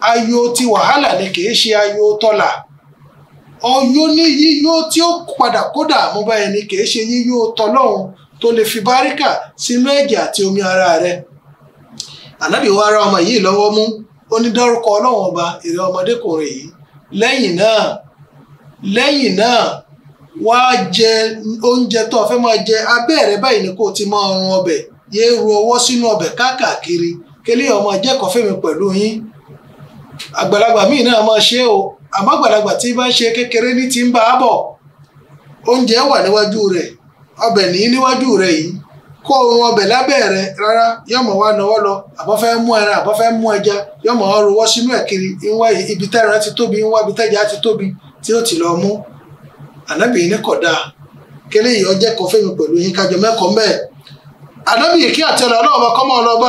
ayo ti wàhálà ni kì í ṣe ayo tọ́lá ọyọ ní yíyó tí ó padà kódà mú báyìí ni kì í ṣe yíyó tọlọ́hun tó lè fi báríkà sínú ẹ̀jẹ̀ àti omi ara rẹ̀ ànábì wa ara ọmọ yìí lọ́wọ́ mú ó ní dárúkọ ọlọ́run ọba èrè ọmọdékùnrin yìí lẹ́yìn náà lẹ́yìn náà wàá jẹ oúnjẹ tó fẹ́ máa jẹ abẹ́ báyìí ni kó ti máa run ọbẹ̀ yéé ru ọwọ́ sínú ọbẹ̀ káàkiri kí eléyìí ọmọ jẹ́kọ̀ọ́ fẹ́mi pẹ̀lú yín àgbàlagbà míì náà máa ṣe o àmọ́ àgbàlagbà tí bá ṣe kékeré ní ti ń bá a bọ̀ oúnjẹ wà níwájú rẹ̀ ọbẹ̀ ní níwájú rẹ̀ yìí kó oorun ọbẹ̀ lábẹ́ rẹ̀ rárá yọmọ wa náwó lọ àbọ̀fẹ́ mú ẹran àbọ̀fẹ́ mú ẹja yọmọ wa rowọ́ sínú ẹ̀ kiri ibi tẹ́ran ti ti tóbi tí ó ti lọ mú ní kọ̀dá fẹ́mi pẹ̀lú yín kájọ mẹ́kọ̀ọ́ mẹ́ẹ̀ kí àtẹ̀lẹ́ ọlọ́ọ̀bá kọ́mọ́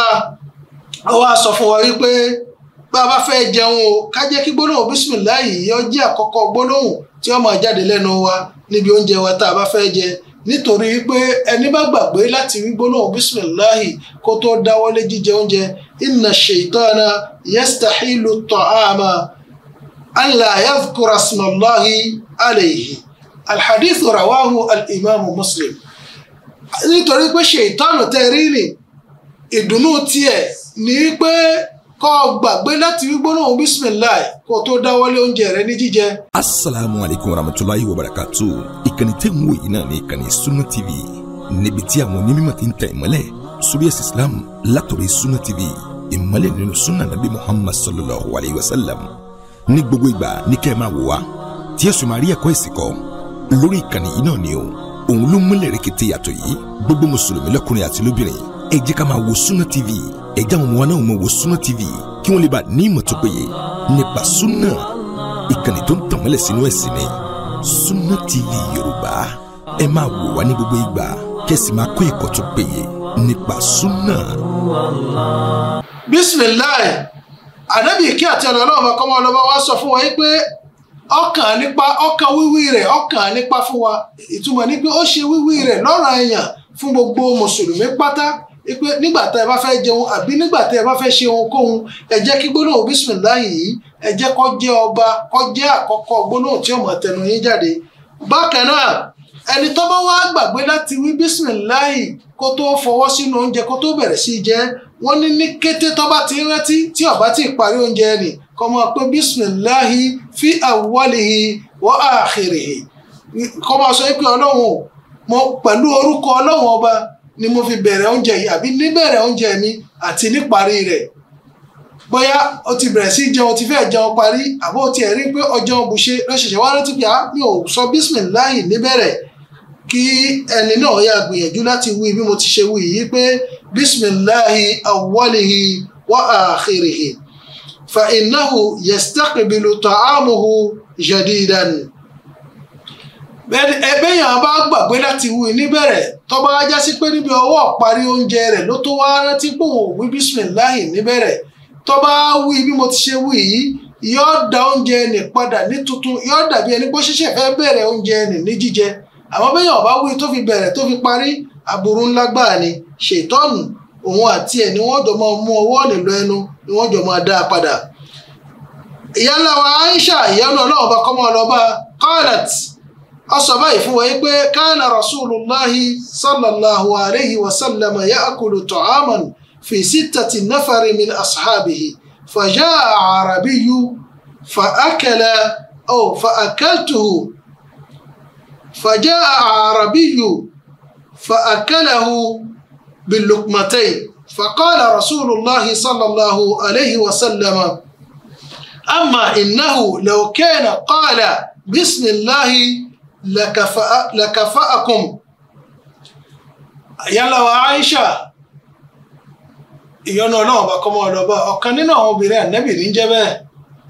wá fún bá a bá fẹ́ jẹun o ká jẹ́ kí gbólóhùn bísímìláì yọ jẹ́ àkọ́kọ́ gbólóhùn tí ó máa jáde lẹ́nu wa níbi oúnjẹ wa tá a bá fẹ́ jẹ nítorí wípé ẹni bá gbàgbé láti wí gbólóhùn bísímìláì kó tó dáwọ́lé jíjẹ oúnjẹ inna shaytana yastahilu ta'ama an la yadhkura ismallahi alayhi alhadith rawahu alimami muslim nítorí pé ṣètọ́nù tẹ́rí ni ìdùnnú tiẹ̀ ní pé kọ́ ọ gbàgbé láti wí gbólóhùn bísímìláì kó o tó dáwọ́lé oúnjẹ rẹ ní jíjẹ. asalaamu alaykum warahmatulahi wabarakatu ìkànnì tẹ́ ń wò yìí náà ní ìkànnì Sunna TV níbi tí àwọn onímọ̀ ti ń tẹ̀ ìmọ́lẹ̀ suriyas islam látọ̀rẹ́ Sunna TV ìmọ́lẹ̀ nínú sunna nabi muhammad sallallahu alayhi wa sallam ní gbogbo ìgbà ní kẹ́ ẹ máa wò wá tí ẹ sì máa rí ẹ̀kọ́ ìsìnkọ́ lórí ìkànnì yìí náà ni o òun ló múlẹ̀ rẹ̀kẹ̀tẹ̀ ẹ jẹ́ ká máa wo Sunna TV ẹ jẹ́ àwọn ọmọ wa wo Sunna TV kí wọ́n lè bá ní ìmọ̀ tó péye nípa Sunna ìkànnì tó ń tànmọ́lẹ̀ sínú ẹ̀sìn ni Sunna TV Yorùbá ẹ máa wò wá ní gbogbo ìgbà kẹ́sì máa kó ẹ̀kọ́ tó péye nípa Sunna. bisimilayi anabi kí àti ọlọ́run ọmọ kọ́mọ ọlọ́mọ wa sọ fún wa yìí pé ọkàn nípa ọkàn wíwí rẹ̀ ọkàn nípa fún wa ìtumọ̀ ni pé ó ṣe wíwí rẹ̀ lọ́ranyàn fún gbogbo mùsùlùmí pátá pé nígbà tá ẹ bá fẹ́ jẹun àbí nígbà tá ẹ bá fẹ́ ṣe ohunkóhun ẹ jẹ́ kí gbólóhùn bísímìláì yìí ẹ jẹ́ kó jẹ́ ọba kó jẹ́ àkọ́kọ́ gbólóhùn tí ó máa tẹnu yín jáde. bákan náà ẹni tó bá wá gbàgbé láti wí bísímìláì kó tó fọwọ́ sínú oúnjẹ kó tó bẹ̀rẹ̀ sí í wọ́n ní ní kété tó bá ti rántí tí ó ti parí oúnjẹ rẹ̀ kó máa pé bísímìláì fi awwalihi wa akhirihi ni mo fi bẹ̀rẹ̀ oúnjẹ yìí àbí níbẹ̀rẹ̀ oúnjẹ mi àti níparí rẹ̀ bóyá o ti bẹ̀rẹ̀ sí jẹun o ti fẹ́ jẹun parí àbó o ti ẹ̀rí pé ọjọ́ òbúṣe lọ́sẹ̀ṣẹ̀ wá rántí pé a ah, mi ò sọ bísímìláì níbẹ̀rẹ̀ kí ẹni náà yà gbìyànjú láti wí bí mo ti ṣe wí yìí pé bísímìláì awwalihi wa akhirihi fa innahu yastaqbilu ta'amuhu jadidan. ẹgbẹ́ yẹn bá gbàgbé láti wí níbẹ̀rẹ̀ tọ́ba ajá sí pé níbi ọwọ́ parí oúnjẹ rẹ̀ ló tó wá rántí pò wò wí bísímìláì níbẹ̀rẹ̀ tọ́ba wí bí mo ti ṣe wí yìí yóò da oúnjẹ nì padà ní tuntun yóò dàbí ẹni pé ṣíṣe fẹ́ bẹ̀rẹ̀ oúnjẹ nì ní jíjẹ àmọ́ bẹ́ẹ̀ yẹn bá wí tó fi bẹ̀rẹ̀ tó fi parí aburú ńlá gbáà ni ṣètọ́nù òun àti ẹ̀ ni wọ́n jọ máa mú ọwọ́ nílò ẹnu ni wọ́n jọ máa dá a padà ìyá ńlá wa Aisha ìyá ọlọ́ọ̀bá kọ́mọ́ ọlọ́ba kọ́ọ̀lẹ̀tì الصبايف هو كان رسول الله صلى الله عليه وسلم يأكل طعاما في ستة نفر من أصحابه فجاء عربي فأكل أو فأكلته فجاء عربي فأكله باللقمتين فقال رسول الله صلى الله عليه وسلم أما إنه لو كان قال بسم الله lakafa akum yálà wa Aisha ìyọnu Ọlọ́run bá kọmọ ọlọba ọ̀kan nínú àwọn obìnrin ànábì ní jẹ́ bẹ́ẹ̀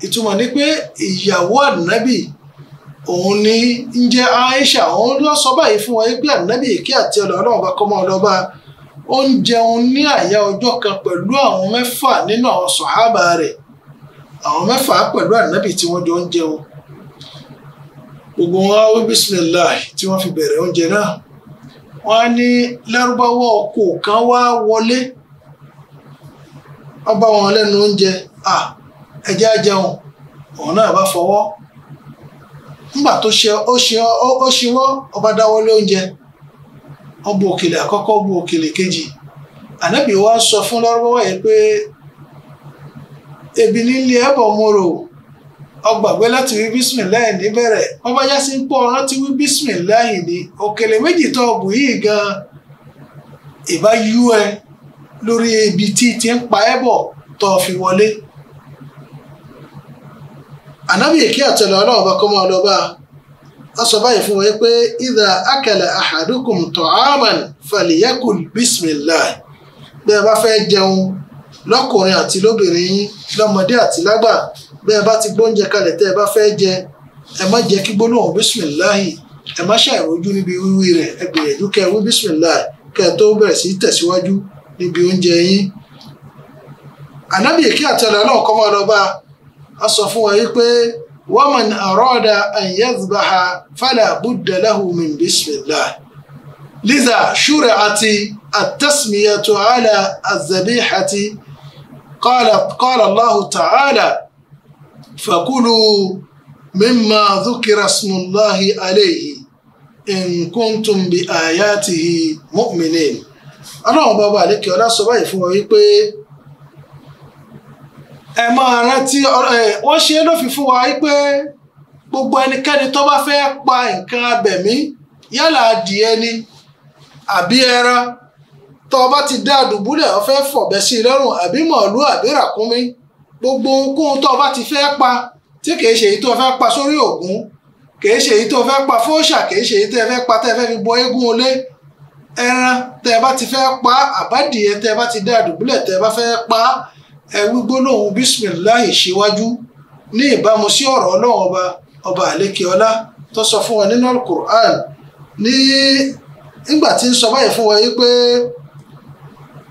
ìtumọ̀ ni pé ìyàwó ànábì òun ni ń jẹ́ Aisha òun ló sọ báyìí fún wa pé ànábì èké àti Ọlọ́run ọba kọmọ ọlọba ó ń jẹun ní àyà ọjọ́ kan pẹ̀lú àwọn mẹ́fà nínú àwọn sọ̀hábà rẹ̀ àwọn mẹ́fà pẹ̀lú ànábì tí wọ́n jọ ń jẹun gbogbo wọn wí bismillah tí wọ́n fi bẹ̀rẹ̀ oúnjẹ náà wọ́n á ní lárúbáwọ́ ọkọ̀ kan wá wọlé wọ́n bá wọn lẹ́nu oúnjẹ à ẹjẹ́ ajẹun ọ̀hún náà bá fọwọ́ nígbà tó ṣe ó ṣe ó ṣíwọ́ ọba dáwọ́lé oúnjẹ wọ́n bu òkèlè àkọ́kọ́ bu òkèlè kejì ànábì wa sọ fún lárúbáwá yẹn pé ebi nílé ẹ̀bọ̀ mo rò ọgbàgbé láti wí bísímìláì níbẹ̀rẹ̀ wọ́n bá já sí ń pọ̀ rántí wí bísímìláì ni òkèlè méjì tó ọgùn yìí gan ìbá yú ẹ lórí ibi tí ti ń pa ẹ́ bọ̀ tó fi wọlé. ànábì èké àtẹlẹ ọlọ́run bá kọ́ mọ́ ọ lọ́ba wọ́n sọ báyìí fún wọn pé idha akala ahadukum ta'aman falyakul bísímìláì bí ẹ bá fẹ́ jẹun lọ́kùnrin àti lóbìnrin yín lọ́mọdé àti lágbà bí ẹ bá ti gbóúnjẹ kalẹ̀ tẹ́ ẹ bá fẹ́ jẹ ẹ má jẹ́ kí gbólóhùn bísímìláì ẹ má ṣàìrójú níbi wíwí rẹ̀ ẹ gbìyànjú kẹ́ ẹ wí bísímìláì kẹ́ tó bẹ̀rẹ̀ sí tẹ̀síwájú níbi oúnjẹ yín. ànábì àti ọ̀dà náà kọ́ máa lọ bá a sọ fún wa yìí pé waman arada an yadhbaha fala قال قال الله تعالى فكلوا مما ذكر اسم الله عليه إن كنتم بآياته مؤمنين ọlọ́run bàbá àlékè ọlá sọ báyìí fún ọ wípé ẹ máa rántí wọ́n ṣe é lófin fún wa wípé gbogbo ẹnikẹ́ni tó bá fẹ́ pa nǹkan abẹ̀mí yálà adìẹ ni àbí ẹran tọ ọba bá ti dá àdùbúlẹ̀ o fẹ́ fọ̀bẹ sí i lọ́rùn àbí màálù àbí ràkúnmí gbogbo ohunkóhun tọ ọba bá ti fẹ́ pa tí kìí ṣe èyí tó fẹ́ pa sórí ògún kìí ṣe èyí tó fẹ́ pa fóṣà kìí ṣe èyí tó pa tẹ́ fi bọ eégún olé ẹran tẹ́ bá ti fẹ́ pa àbádìyẹ tẹ́ bá ti dá àdùbúlẹ̀ tẹ́ bá fẹ́ pa gbólóhùn ṣíwájú ní ìbámu sí ọ̀rọ̀ ọlọ́run ọba ọba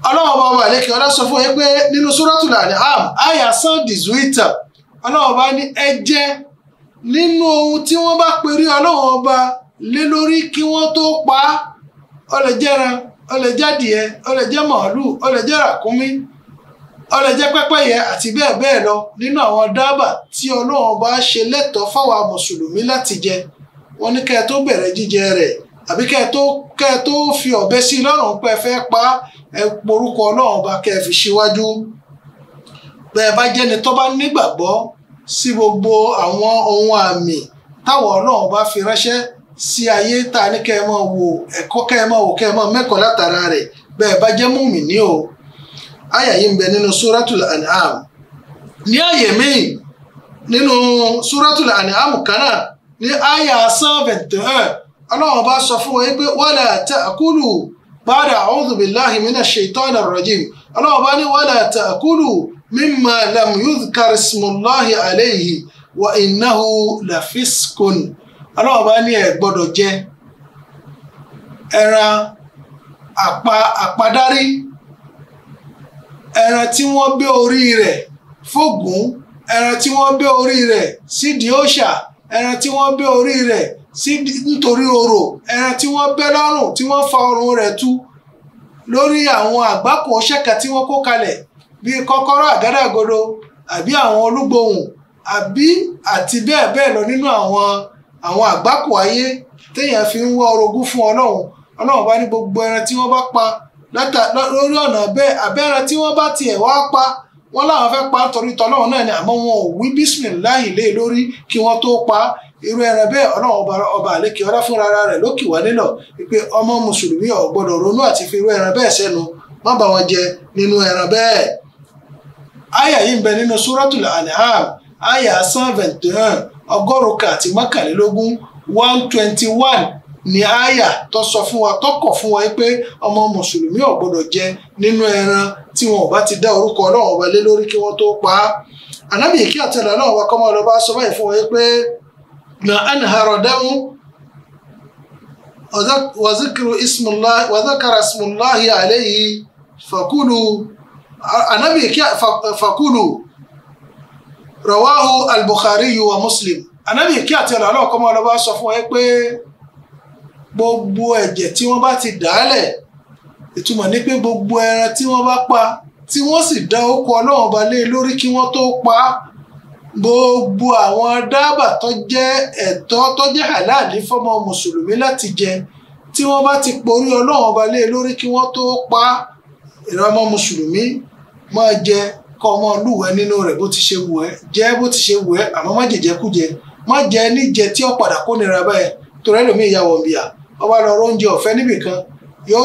ọlọ́run ọba ọba àlékè ọlá sọ fún yín pé nínú suratul An'am àyà san dìzúìtà ọlọ́run ọba ní ẹ jẹ nínú ohun tí wọ́n bá perí ọlọ́run ọba lé lórí kí wọ́n tó pa á ó lè jẹ́ran ó lè jádìẹ ó lè jẹ́ màálù ó lè jẹ́ ràkúnmí ó lè jẹ́ pẹ́pẹ́yẹ àti bẹ́ẹ̀ bẹ́ẹ̀ lọ nínú àwọn dábà tí ọlọ́run ọba ṣe lẹ́tọ̀ọ́ fáwọn mùsùlùmí láti jẹ wọ́n ní kẹ́ tó bẹ̀rẹ̀ jíjẹ rẹ̀ àbí kẹ́ ẹ tó kẹ́ ẹ tó fi ọ̀bẹ sí lọ́rùn pé ẹ fẹ́ pa ẹ porúkọ ọlọ́run ọba kẹ́ ẹ fi síwájú bẹ́ẹ̀ bá jẹ́ni tó bá nígbàgbọ́ sí gbogbo àwọn ohun àmì táwọn ọlọ́run bá fi ránṣẹ́ sí ayé tá a ní kẹ́ ẹ máa wò ẹ̀kọ́ kẹ́ ẹ máa wò kẹ́ ẹ máa mẹ́kọ̀ọ́ látara rẹ̀ bẹ́ẹ̀ bá jẹ́ mùmíní o àyà yìí ń bẹ nínú suratul an'am ní àyè míì nínú suratul an'am kan náà ní àyà seventy-one ọlọ́run bá sọ fún wọn pé wala ta'kulu ba'da a'udhu billahi minash shaitani rrajim ọlọ́run bá ní wala ta'kulu mimma lam yudhkar ismullahi alayhi wa innahu lafiskun ọlọ́run bá ní ẹ gbọ́dọ̀ jẹ ẹran àpa àpadárí ẹran tí wọ́n bẹ́ orí rẹ̀ fógún ẹran tí wọ́n bẹ́ orí rẹ̀ sídìí òòṣà ẹran tí wọ́n bẹ́ orí rẹ̀ nítorí orò ẹran tí wọ́n bẹ́ lọ́rùn tí wọ́n fa ọrùn rẹ̀ tú lórí àwọn àgbákò ṣẹ́ka tí wọ́n kó kalẹ̀ bíi kọ́kọ́rọ́ àgádágodo àbí àwọn olúgbohùn àbí àti bẹ́ẹ̀ bẹ́ẹ̀ lọ nínú àwọn àwọn àgbákò ayé téèyàn fi ń wá orogún fún ọlọ́run ọlọ́run bá ní gbogbo ẹran tí wọ́n bá pa lórí ọ̀nà bẹ́ẹ̀ àbẹ́ran tí wọ́n bá tiẹ̀ wá pa wọ́n láwọn fẹ́ pa nítorí tọ́lọ́run náà ni àmọ́ wọn ò wí bísímìláì lé lórí kí wọ́n tó pa á irú ẹran bẹ́ẹ̀ ọlọ́run ọba àlékè ọlá fúnra rẹ̀ ló kì wá nílọ̀ wípé ọmọ mùsùlùmí ò gbọ́dọ̀ ronú àti fi irú ẹran bẹ́ẹ̀ sẹ́nu má bá wọn jẹ nínú ẹran bẹ́ẹ̀. àyà yìí ń bẹ nínú suratul an'am àyà cent vingt et ọgọ́rùn kan àti mọ́kànlélógún one twenty one ni àyà tó sọ fún wa tó kọ̀ fún wa pé ọmọ mùsùlùmí ò gbọ́dọ̀ jẹ nínú ẹran tí wọn ò bá ti dá orúkọ ọlọ́run ọba lé lórí kí wọ́n tó pa á. ànábìyí kí àtẹ̀lẹ́ ọlọ́run wa kọ́ sọ báyìí fún wa pé أنهر دم وذكر اسم الله وذكر اسم الله عليه فكلوا النبي فكلوا رواه البخاري ومسلم النبي kí àti ọ̀là ọlọ́ọ̀kọ́ máa lọ bá sọ fún ẹ pé gbogbo ẹ̀jẹ̀ tí wọ́n bá ti dàálẹ̀ ìtumọ̀ ní pé gbogbo ẹran tí wọ́n bá pa tí wọ́n sì dá okò ọlọ́run balẹ̀ lórí kí wọ́n tó pa á gbogbo àwọn dábà tó jẹ́ ẹ̀tọ́ tó jẹ́ àláàlí fọ́mọ mùsùlùmí láti jẹ tí wọ́n bá ti porí ọlọ́run ọba lé e lórí kí wọ́n tó pa ìrọmọ mùsùlùmí máa jẹ kọ́ ọmọ lúwẹ̀ẹ́ nínú rẹ̀ bó ti ṣe wù ẹ́ jẹ bó ti ṣe wù ẹ́ àmọ́ má jẹjẹ kú má jẹ níjẹ tí ó padà kó nira báyẹn torí ẹlòmíì ya wọ̀n bíà ọba lọ oúnjẹ ọ̀fẹ́ níbìkan yóò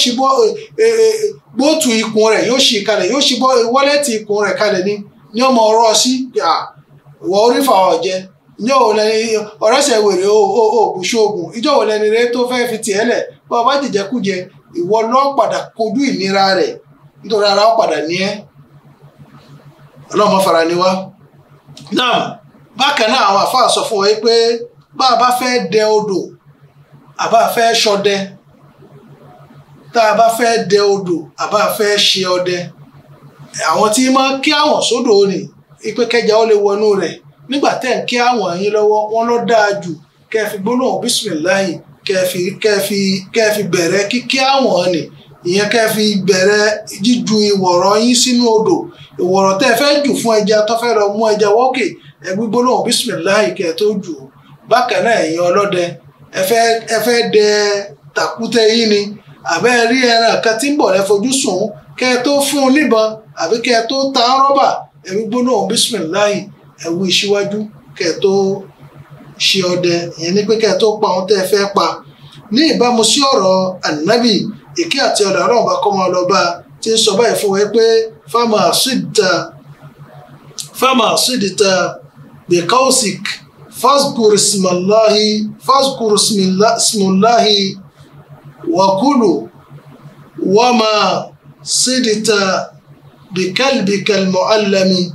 ṣì bọ́ gbóòtù e, e, ikùn rẹ̀ yóò ṣì kalẹ̀ yóò ṣì bọ́ wọ́lẹ́tì ikùn rẹ̀ kalẹ̀ ni. ní ọmọ ọ̀rọ̀ sí wọ orí fà ọ jẹ ní òun lẹni ọ̀rẹ́sẹ̀ wèrè oògùn ṣoògùn ìjọ òun lẹni rẹ to fẹ́ fi tiẹ̀ lẹ̀ bá ọba jìjẹkújẹ ìwọ lọ padà kojú ìnira rẹ̀ nítorí ara ó padà ní ẹ́ ọlọ́mọ fara ni wá. náà bákan náà àwọn àfáà sọ fún pé bá a bá fẹ́ dẹ odò àbá a fẹ́ ṣọdẹ tá a bá fẹ́ dẹ odò àbá a fẹ́ ṣe ọdẹ. àwọn tí máa kí àwọn sódò ni ipe kẹjà ó lè wọnú rẹ̀ nígbà tẹ́ ń kí àwọn yín lọ́wọ́ wọn ló dáa jù kẹ́ fi gbólóhùn bísímìláì kẹ́ fi kẹ́ fi kẹ́ fi bẹ̀rẹ̀ kíkí àwọn ni ìyẹn kẹ́ fi bẹ̀rẹ̀ jíju ìwọ̀rọ̀ yín sínú odò ìwọ̀rọ̀ tẹ́ fẹ́ jù fún ẹja tó fẹ́ lọ mú ẹja wọ́kè ẹ gbé gbólóhùn bísímìláì tó jù bákan náà ẹ̀yin ọlọ́dẹ ẹ fẹ́ dẹ tàkútẹ́ yín ni àbẹ́ rí ẹran kan tí ń bọ̀ lẹ́fojú sùn kẹ́ ẹ tó fún un níbọn àbí kẹ́ ẹ tó ta á rọ́bà ẹ̀rú gbóná ọ̀hún bísímìláì ẹ̀wù ìṣíwájú kẹ́ ẹ tó ṣe ọdẹ ìyẹn ni pé kẹ́ ẹ tó pa ohun tẹ́ ẹ fẹ́ pa ní ìbámu sí ọ̀rọ̀ ànábì ìkí àti ọ̀dà ọ̀rọ̀ ọba kọ́ máa ti ń sọ báyìí fún wa pé fáma sídìta fáma sídìta bikausik fasgurismillahi fasgurismillahi wakulu wama. صدت بكلبك المعلم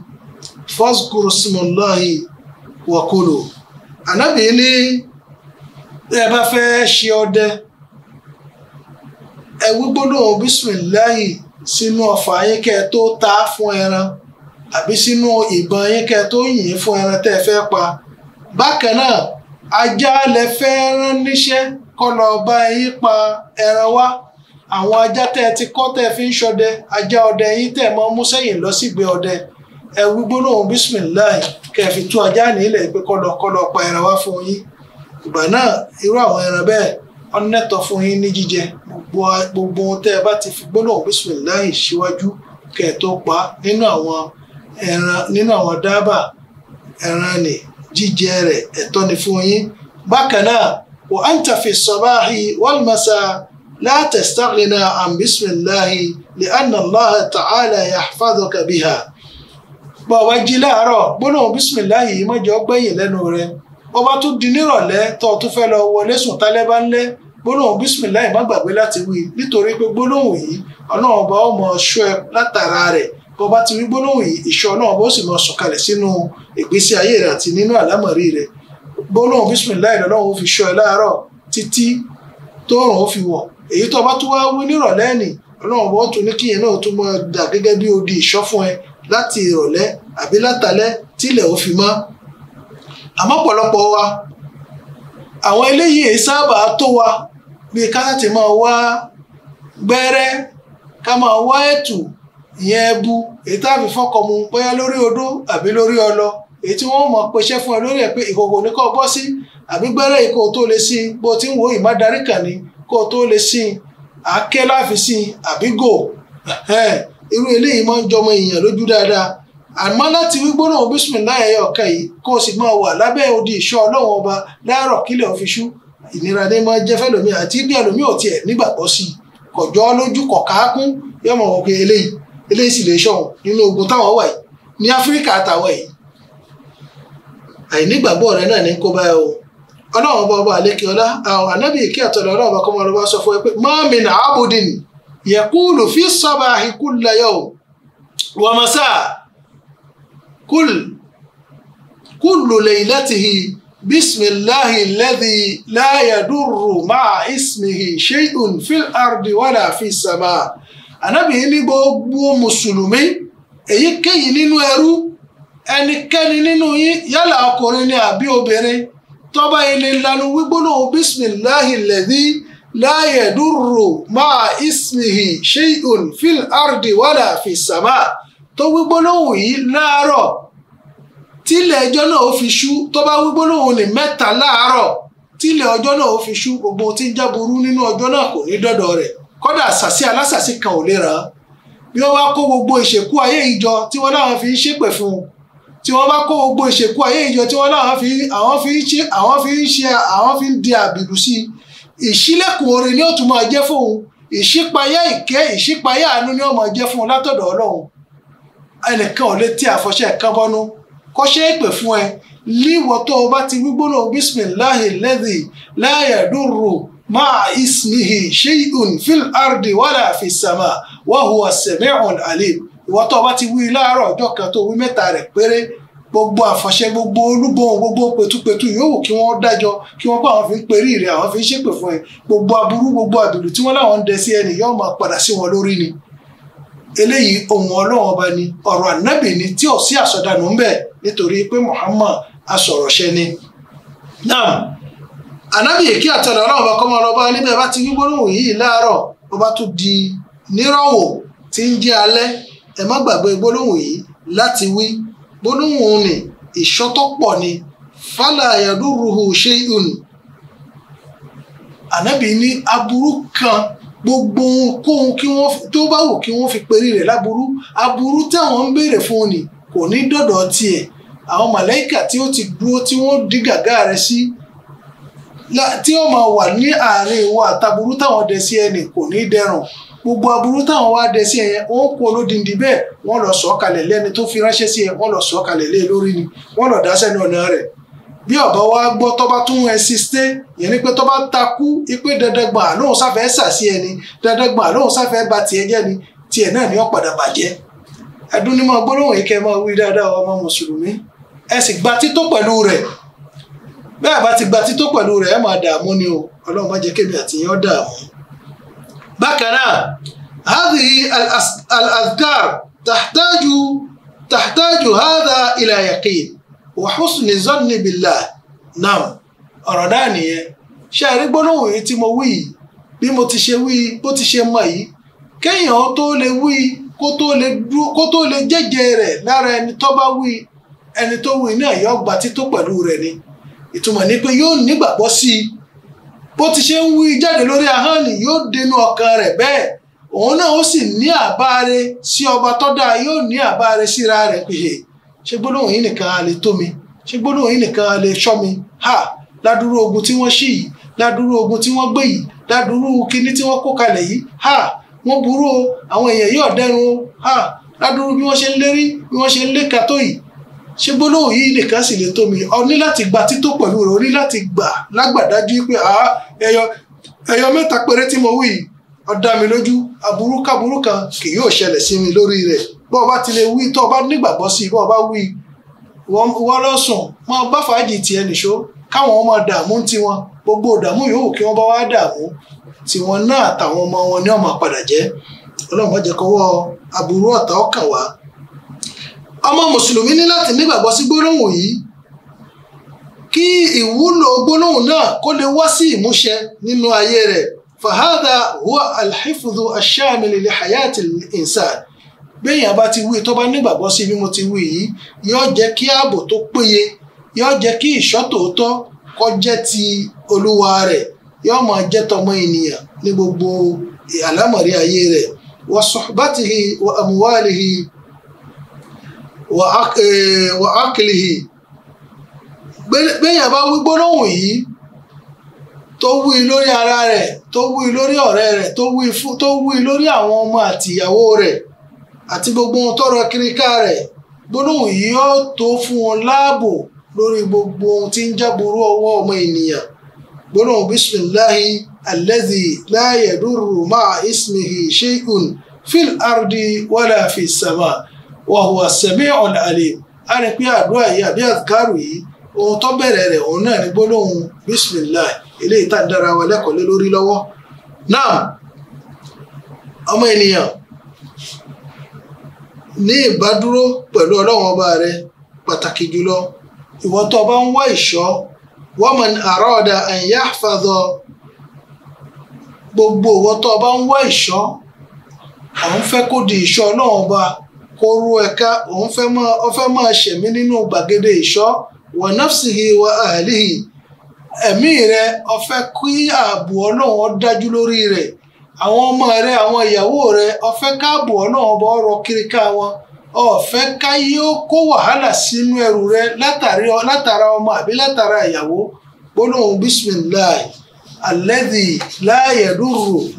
فاذكر اسم الله وكلوا ànábì ní ẹ bá fẹ́ ṣe ọdẹ ẹ wí gbólóhùn bísímìláhì sínú ọfà yín kẹ́ ẹ tó ta fún ẹran àbí sínú ìbọn yín kẹ́ tó yìn fún ẹran tẹ́ ẹ pa bákan náà ajá lẹ fẹ́ rán níṣẹ́ kó lọ yín pa ẹran wá àwọn ajá tẹ́ ẹ ti kọ́ tẹ́ ẹ fi ń ṣọdẹ ajá ọdẹ yín tẹ́ ẹ mọ́ mú sẹ́yìn lọ sígbẹ́ ọdẹ ẹ wí gbólóhùn bísímìláì kẹ́ ẹ fi tú ajá nílẹ̀ pé kọ́lọ̀ kọ́lọ̀ pa ẹran wá fún yín ìgbà náà irú àwọn ẹran bẹ́ẹ̀ ọ̀nẹ́tọ̀ fún yín ní jíjẹ gbogbo ohun tẹ́ bá ti fi gbólóhùn bísímìláì síwájú kẹ́ tó pa nínú àwọn ẹran nínú àwọn dábà ẹran ni jíjẹ rẹ̀ ẹ̀tọ́ ni fún yín bákan náà wa anta fi sabahi wal masa لا تستغنى عن بسم الله لأن الله تعالى يحفظك بها bọ̀wá jí láàárọ̀ gbólóhùn bísímìláhì yìí mọ́jọ́ gbẹ̀yìn lẹ́nu rẹ ọba tó di nírọ̀lẹ́ tó o tún fẹ́ lọ wọlé sùn tálẹ́ bá ń lẹ́ gbólóhùn bísímìláhì má gbàgbé láti wí nítorí pé gbólóhùn yìí ọlọ́run ọba ó mọ ṣọ́ ẹ látara rẹ̀ bó bá ti wí gbólóhùn yìí ìṣọ́ ọlọ́run bó sì mọ sọ̀kalẹ̀ sínú ìgbésí ayé rẹ̀ àti nínú àlámọ̀rí rẹ̀ gbólóhùn bísímìláhì lọ́lọ́run ó fi ṣọ́ ẹ láàárọ̀ títí tóòrùn ó fi wọ̀ èyí tó bá tún wá wí nírọ̀lẹ́ nì ọlọ́run bó tún ní kíyẹn náà tún máa dà gẹ́gẹ́ bí odi ìṣọ́ fún ẹ láti ìrọ̀lẹ́ àbí látàlẹ́ tílẹ̀ ó fi mọ́ àmọ́ pọ̀lọpọ̀ wa àwọn eléyìí sábà tó wa bíi ká láti máa wá gbẹ́rẹ́ ká máa wá ẹ̀tù ìyẹn ẹbu èyí tá a fi fọ́kọ mu bóyá lórí odó àbí lórí ọlọ èyí tí wọ́n mọ̀ pèsè fún ẹ lórí ẹ̀ pé ìkòkò ní kò bọ́ sí àbí gbẹ́rẹ́ ìkò tó le sí bó ti ń wo ìmádàrí kàn ni kó o tó lè sí i àáké láfi sí i àbí gò irú eléyìí máa ń jọmọ èèyàn lójú dáadáa àmọ́ láti wígbó náà bísímìláì ẹ̀yọ ọ̀kan yìí kó o sì máa wà lábẹ́ odi ìṣọ́ ọlọ́run ọba láàárọ̀ kílẹ̀ ọ̀fiṣú ìnira ní máa jẹ́ fẹ́lòmí àti ní ẹlòmí ò tiẹ̀ nígbàgbọ́ sí i kọjọ́ lójú kọ̀ọ̀kákún yóò mọ̀ wọ́n pé eléyìí eléyìí sì lè ṣọ̀hún nínú ogun táwọn wà yìí ní áfíríkà àtàwọn yìí àìnígbàgbọ́ rẹ náà ní kó báyọ̀ o ọlọ́run ọba ọba àlékè ọlá àwọn ànábì kí àtọ̀lọ́ ọlọ́run ọba kọ́ mọ́ ọlọ́ba sọ fún ẹ pé mọ́mí nà ábùdìn yẹ̀kúlù fi sọ́ba ìkúlẹ̀ yọ̀ wọ́n mọ̀ sáà kúl kúlù laylatihi bisimilahi lẹ́dí láyàdúrù máa ismihi ṣéyùn fil ardi wàlà fi sàmà ànábì ní gbogbo mùsùlùmí èyíkéyìí nínú ẹrú ẹnikẹ́ni nínú yín yálà ọkùnrin ni àbí obìnrin tọ́ba ilé lanu wígbóná bisimilahi lẹ́dí láyé dúró máa ismihi ṣéyùn fil ardi wàlà fi sàmà tó wígbóná yìí láàárọ̀ tílẹ̀ ẹjọ́ náà ó fi ṣú tọ́ba wígbóná ní mẹ́ta láàárọ̀ tílẹ̀ ọjọ́ náà ó fi ṣú gbogbo tí ń jáburú nínú ọjọ́ náà kò ní dọ́dọ̀ rẹ̀ kọ́dà àṣàṣì alásàṣì kan ò lè ràn án bí wọ́n bá kó gbogbo ìṣèkú ayé ìjọ tí wọ́n láwọn fi ń ṣépè fún un tí wọ́n bá kó gbogbo ìṣèkú ayé ìjọ tí wọ́n láwọn fi àwọn fi ń ṣe àwọn fi ń ṣe àwọn fi ń di àbìlú sí i ìṣílẹ̀kùn oore ni ó tún máa jẹ́ fóun ìṣípayá ìkẹ́ ìṣípayá àánú ni ó máa jẹ́ fóun látọ̀dọ̀ ọlọ́run ẹnìkan ò lè tí àfọṣẹ kan bọ́nú kó ṣe é pè fún ẹ líwọ tó o bá ti gbígbóná bismillahi lẹ́dí la yadurru máa ismihi shay'un fil ardi wala fis ìwọ tó o bá ti wí láàárọ̀ ọjọ́ kan tó wí mẹ́ta rẹ̀ péré gbogbo àfọ̀ṣẹ gbogbo olúgbòhùn gbogbo petupetu yòówù kí wọ́n dájọ́ kí wọ́n pa àwọn fi ń perí rẹ̀ àwọn fi ń ṣépè fún ẹ gbogbo aburú gbogbo àbìlù tí wọ́n láwọn ń dẹ sí ẹnì yóò máa padà sí wọn lórí ni eléyìí ohun ọlọ́wọ́n ọba ni ọ̀rọ̀ ànábì ni tí ò sí àsọdànù ń bẹ nítorí pé Muhammad asọ̀rọ̀ṣẹ ni. náà ànábì èké àtọ̀dọ̀ ọlọ́wọ́n ọba kọ́mọ ọlọ́ba níbẹ̀ bá ti gbígbóná yìí láàárọ̀ ọba tó di nírọ̀wọ̀ tí ń jẹ́ alẹ́ ẹ má gbàgbé gbólóhùn yìí láti wí gbólóhùn ni ìṣọ́tọ́pọ̀ ni fálà yàdúrúhù ṣe ìhùnù ànábì ní aburú kan gbogbo ohunkóhun tó bá wù kí wọ́n fi perí rẹ̀ láburú aburú táwọn ń béèrè fún un ni kò ní dọ̀dọ̀ tiẹ̀ àwọn màláìkà tí ó ti dúró tí wọ́n dí gàgá rẹ̀ sí tí ó máa wà ní àárín wa àtàburú táwọn dẹ sí ẹnì kò ní dẹrùn gbogbo aburú táwọn wá dẹ sí ẹ yẹn wọn kó olódìndín bẹ́ẹ̀ wọn lọ sọ kalẹ̀ lẹ́ni tó fi ránṣẹ́ sí ẹ wọn lọ sọ kalẹ̀ lé e lórí ni wọn lọ dá sẹ́nu ọ̀nà rẹ̀ bí ọba wa gbọ́ tọ́ba tún ẹsísté yẹn ni pé tọ́ba takú ipe dandangbà lóhùn sáfẹ́ sàsí ẹni dandangbà lóhùn sáfẹ́ ba tiẹ̀ jẹ́ ni tiẹ̀ náà ni ó padà bàjẹ́ ẹdúnnímọ̀ gbólóhùn yìí kẹ́ ẹ máa wí dáadáa ọmọ mùsùlùmí ẹ sì gba tító pẹ̀lú rẹ̀ bẹ́ẹ̀ bá ti gba tító pẹ̀lú rẹ̀ ẹ máa dààmú ni o ọlọ́run má jẹ́ kébi àtìyàn dààmú bákan náà hadhihi al-adhkar tahtaju tahtaju hadha ila yaqin wa husni zanni billah naam ọ̀rọ̀ náà nìyẹn ṣe àrí gbólóhùn yìí tí mo wí yìí bí mo ti ṣe wí bó ti ṣe mọ yìí kéèyàn tó lè wí kó tó lè jẹ́jẹ́ rẹ̀ lára ẹni tó bá wí ẹni tó wí náà yọ gba tító pẹ̀lú rẹ̀ ni ìtumọ̀ ni pé yóò nígbàgbọ́ sí i bó ti ṣe ń wí jáde lórí ahọ́n ni yóò dénú ọkàn rẹ̀ bẹ́ẹ̀ òun náà ó sì ní àbáre sí ọba tọ́dá yóò ní àbáre síra rẹ̀ pé ṣe gbólóhùn yìí nìkan a lè tó mi ṣe gbólóhùn yìí nìkan a lè ṣọ́ mi ha ládùúrú ogun tí wọ́n ṣì yìí ládùúrú ogun tí wọ́n gbé yìí ládùúrú kinní tí wọ́n kó kalẹ̀ yìí ha wọ́n burú o àwọn èèyàn yóò dẹrun o ha ládùúrú bí wọ́n ṣe ń lérí bí wọ́n ṣe ń léka ṣé gbólóhùn yìí nìkan sì lè tó mi ọ ní láti gba tító pẹ̀lú rẹ̀ o ní láti gbà lágbàdájú pé ẹyọ ẹyọ mẹ́ta péré tí mo wí yìí ó dá mi lójú aburú kaburú kan kì yóò ṣẹlẹ̀ sí mi lórí rẹ̀ bó o bá ti lè wí tó o bá nígbàgbọ́ sí i bó o bá wí wọ́n lọ sùn máa bá fàájì tiẹ̀ nìṣó káwọn ọmọ dààmú tiwọn gbogbo dààmú yòówù kí wọ́n bá wá dààmú tiwọn náà àtàwọn ọmọ wọn ni wọ́n padà jẹ́ ọlọ́run má kọ́wọ́ aburú ọ̀tá ọkàn wá ọmọ mùsùlùmí ní láti nígbàgbọ́ sí gbólóhùn yìí kí ìwúlò gbólóhùn náà kó lè wá sí ìmúṣẹ nínú ayé rẹ̀ fahadha huwa alhifudhu ashamil li hayati insan gbẹ̀yìn bá ti wí tó bá nígbàgbọ́ sí bí mo ti wí yìí yóò jẹ́ kí ààbò tó péye yóò jẹ́ kí ìṣọ́ tòótọ́ kó jẹ́ ti olúwa rẹ̀ yóò máa jẹ́ tọmọ ènìyàn ní gbogbo àlámọ̀rí ayé rẹ̀ wa suhbatihi wa amwalihi wà ákìlìhì eh, gbẹ̀yìn àbá gbígbóná wù yìí tó wí lórí ara rẹ̀ tó wí lórí ọ̀rẹ́ rẹ̀ tó wí lórí àwọn ọmọ àti ìyàwó rẹ̀ àti gbogbo ohun tọrọ kiriká rẹ̀ gbólóhùn yìí ó tó fún wọn láàbò lórí gbogbo ohun tí ń jábòrú ọwọ́ ọmọ ènìyàn gbólóhùn bisimilahi alẹ́dì láyẹ̀dúró máa ismihi sheikun fil ardi wa huwa sami'ul alim a rẹ̀ pé àdúrà yìí àbí àkàrù yìí ohun tó bẹ̀rẹ̀ rẹ̀ òun náà ní gbólóhùn bismillah eléyìí tá à ń dára wa lẹ́kọ̀ọ́ lé lórí lọ́wọ́ náà ọmọ ènìyàn ní ìbádúró pẹ̀lú ọlọ́run ọba rẹ pàtàkì jùlọ ìwọ bá ń wá ìṣọ́ waman arada an yahfadha gbogbo ìwọ bá ń wá ìṣọ́ à fẹ́ kó di ìṣọ́ ọlọ́run ọba kó ẹka ẹ̀ka òun fẹ́ máa ṣẹ̀mí nínú gbàgede ìṣọ́ wa nafsihi wa ahlihi ẹ̀mí rẹ ọfẹ kí ààbò ọlọ́run dájú lórí rẹ̀ àwọn ọmọ rẹ àwọn ìyàwó rẹ ó káàbò ọlọ́run bọ́ kiri ká wọn káyé ó wàhálà sínú ẹrù rẹ látara ọmọ àbí látara ìyàwó gbólóhùn bisimilahi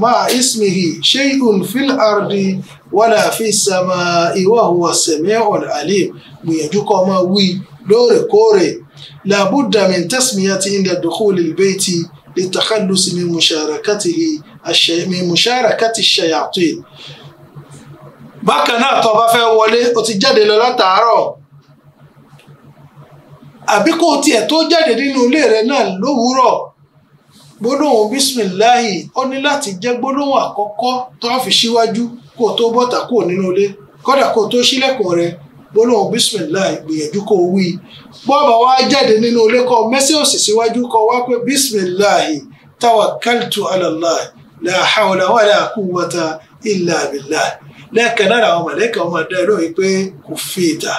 ma'a ismihi wala fi samaa'i wa huwa sami'ul alim gbìyànjú kọ́ ọmọ wí lóòrèkóòrè labudda min tasmiyati inda dukhulil bayti للتخلص من مشاركته الشي... من مشاركة الشياطين bákan náà tó bá fẹ́ wọlé o ti jáde lọ látàárọ̀ àbí kó tiẹ̀ tó jáde nínú ilé rẹ̀ náà lówùúrọ̀ gbólóhùn bísímìláhì ó ní láti jẹ́ gbólóhùn àkọ́kọ́ tó a fi síwájú kó tó bọ́ta kó nínú ilé kódà kó tó sílẹ̀kùn rẹ gbólóhùn bísímìláhì gbìyànjú kó wí bọ́ọ̀bà wá jáde nínú ilé kó mẹ́sẹ̀ òsì síwájú kó wá pé bísímìláhì tawakkaltu ala Allah la hawla wala quwwata illa billah lẹ́ẹ̀kan náà àwọn mọ̀lẹ́kà ọmọ ẹ̀dá ẹ̀rọ yìí pé kò fi ìta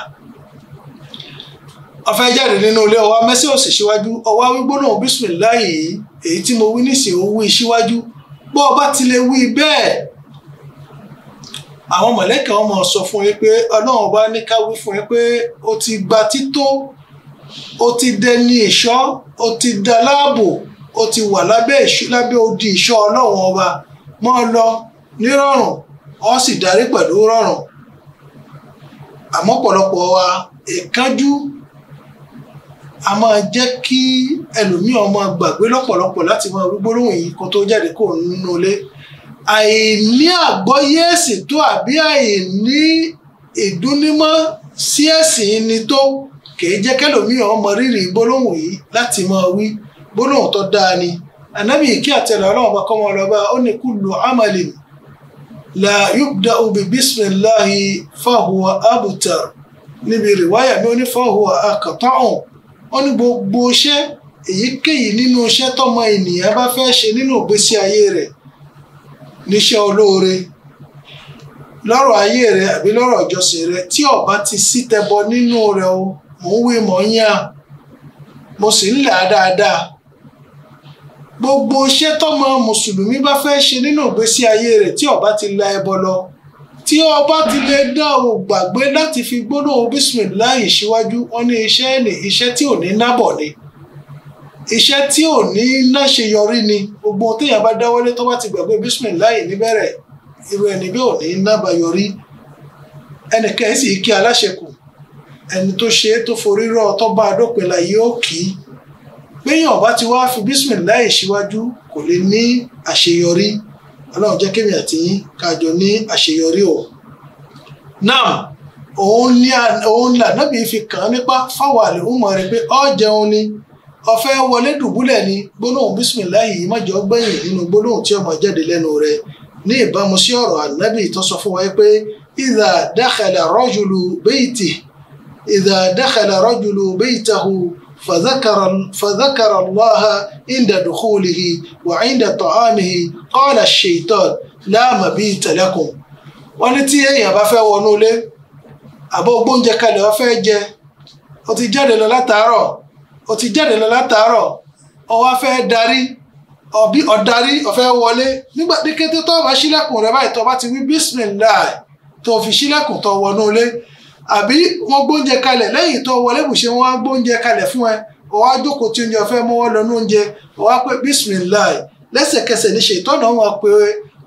ọfẹ́ jáde nínú ilé ọwọ́ mẹ́sẹ̀ òsì síwájú ọwọ́ gbólóhùn bísímìláhì yìí èyí tí mo wí nísìnyí ó wí síwájú bó o bá ti lè wí bẹ́ẹ̀ àwọn mọ̀lẹ́kà ọmọ sọ fún yín pé ọlọ́run bá ní ká wí fún yín pé o ti gba tító o ti dẹni ìṣọ́ o ti da láàbò o ti wà lábẹ́ lábẹ́ odi ìṣọ́ ọlọ́run ọba mọ́ ọ lọ nírọ̀rùn ọ sì darí pẹ̀lú rọ̀rùn àmọ́ pọ̀lọpọ̀ wa ìkánjú. E a máa jẹ́ kí ẹlòmíì ọmọ gbàgbé lọ́pọ̀lọpọ̀ láti máa rúgbó lóhùn yìí kó tó jáde kó nínú ilé àìní àgbọ́yé ẹ̀sìn tó àbí àìní ìdúnímọ́ sí ẹ̀sìn ni tó kìí jẹ́ kẹlòmíì ọmọ rírì gbólóhùn yìí láti máa wí gbólóhùn tó dáa ni ànábì kí àtẹ̀lẹ̀ ọlọ́run bá kọ́ ọmọ ọlọ́ba ó ní kullu amalin la yubda'u bi bismillahi fahuwa abtar níbi rìwáyà mi ó ní fahuwa aqta'u wọ́n ní gbogbo iṣẹ́ èyíkéyìí nínú iṣẹ́ tọmọ ènìyàn bá fẹ́ ṣe nínú ìgbésí ayé rẹ̀ níṣẹ́ olóore lọ́rọ̀ ayé rẹ̀ àbí lọ́rọ̀ ìjọsìn rẹ̀ tí ọba ti sí tẹbọ nínú rẹ̀ o mò ń wé mọ̀ ń yàn mo sì ń là á dáadáa gbogbo iṣẹ́ tọmọ mùsùlùmí bá fẹ́ ṣe nínú ìgbésí ayé rẹ̀ tí ọba ti la ẹbọ lọ tí ọba ti lè dá o gbàgbé láti fi gbólóhùn bísímìláì síwájú wọn ní iṣẹ́ ní iṣẹ́ tí ò ní nábọ̀ ni iṣẹ́ tí ò ní láṣeyọrí ni gbogbo ohun téèyàn bá dáwọ́lé tó bá ti gbàgbé bísímìláì níbẹ̀rẹ̀ irú ẹni bí ò ní nábàyọrí ẹnìkan sì kí aláṣẹkù ẹni tó ṣe é tó forí rọ tó bá dópin la yóò kí péyàn ọba ti wá fi bísímìláì síwájú kò lè ní àṣeyọrí ọlọ́run jẹ́ kémi àti kájọ ní àṣeyọrí o náà òun ní òun là nábì fi kàn án nípa fáwọn àlè ń mọ rẹ pé ọ jẹun ni ọfẹ wọlé dùbúlẹ̀ ni gbólóhùn bísímìláì yìí mọjọ gbẹ̀yìn nínú gbólóhùn tí ọmọ jáde lẹ́nu rẹ̀ ní ìbámu sí ọ̀rọ̀ ànábì tó sọ fún wa pé ìdá dákàlà rọjùlù bẹyìtì ìdá dákàlà rọjùlù bẹyìtàhù فذكر فذكر الله عند دخوله وعند طعامه قال الشيطان لا مبيت لكم wọ́n ní tí èèyàn bá fẹ́ wọnú ilé àbọ̀ gbóúnjẹ kalẹ̀ wọ́n fẹ́ jẹ ó ti jáde lọ látàárọ̀ ó ti jáde lọ látàárọ̀ ó wá fẹ́ darí ọ̀bí ọ̀darí ó wọlé nígbà ní kété tó bá ṣílẹ̀kùn rẹ̀ báyìí tó bá ti wí bísímìlá tó fi ṣílẹ̀kùn tó wọnú ilé àbí wọ́n gbóúnjẹ kalẹ̀ lẹ́yìn tó wọlé bùṣe wọ́n á gbóúnjẹ kalẹ̀ fún ẹ ọwọ́ àjókòó tí oúnjẹ ọ̀fẹ́ mọ́wọ́ lọ ní oúnjẹ ọwọ́ á pé bisimilayi lẹ́sẹ̀kẹsẹ̀ ní ṣe ìtọ́nà wọn pé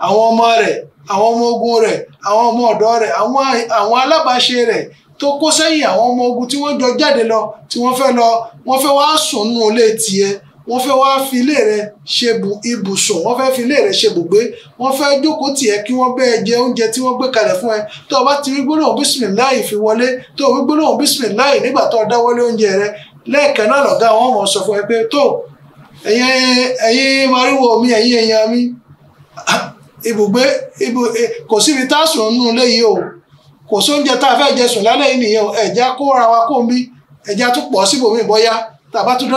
àwọn ọmọ rẹ̀ àwọn ọmọ ogun rẹ̀ àwọn ọmọ ọ̀dọ́ rẹ̀ àwọn alábàáṣe rẹ̀ tó kó sẹ́yìn àwọn ọmọ ogun tí wọ́n jọ jáde lọ tí wọ́n fẹ́ lọ wọ́n fẹ́ wá sùn nù ilé tiẹ̀ wọ́n fẹ́ wá fi ilé rẹ ṣe ibùsùn wọ́n fẹ́ fi ilé rẹ ṣe ibùgbé wọ́n fẹ́ jókòó tiẹ̀ kí wọ́n bẹ́ẹ̀ jẹ oúnjẹ tí wọ́n gbé kalẹ̀ fún ẹ tó o bá ti rí gbólóhùn bísímìláì fi wọlé tó o rí gbólóhùn bísímìláì nígbà tó o dáwọ́lé oúnjẹ rẹ lẹ́ẹ̀kan náà lọ̀gá wọn mọ̀ sọ fún ẹ pé tó ẹ̀yin mariwo mi ẹ̀yin èèyàn mi ibùgbé e, kò síbi tá a sùn nù o kò sóúnjẹ tá wa kó ń bí ẹ̀já tún pọ̀ síbòmíì bọ́yá tàbá tún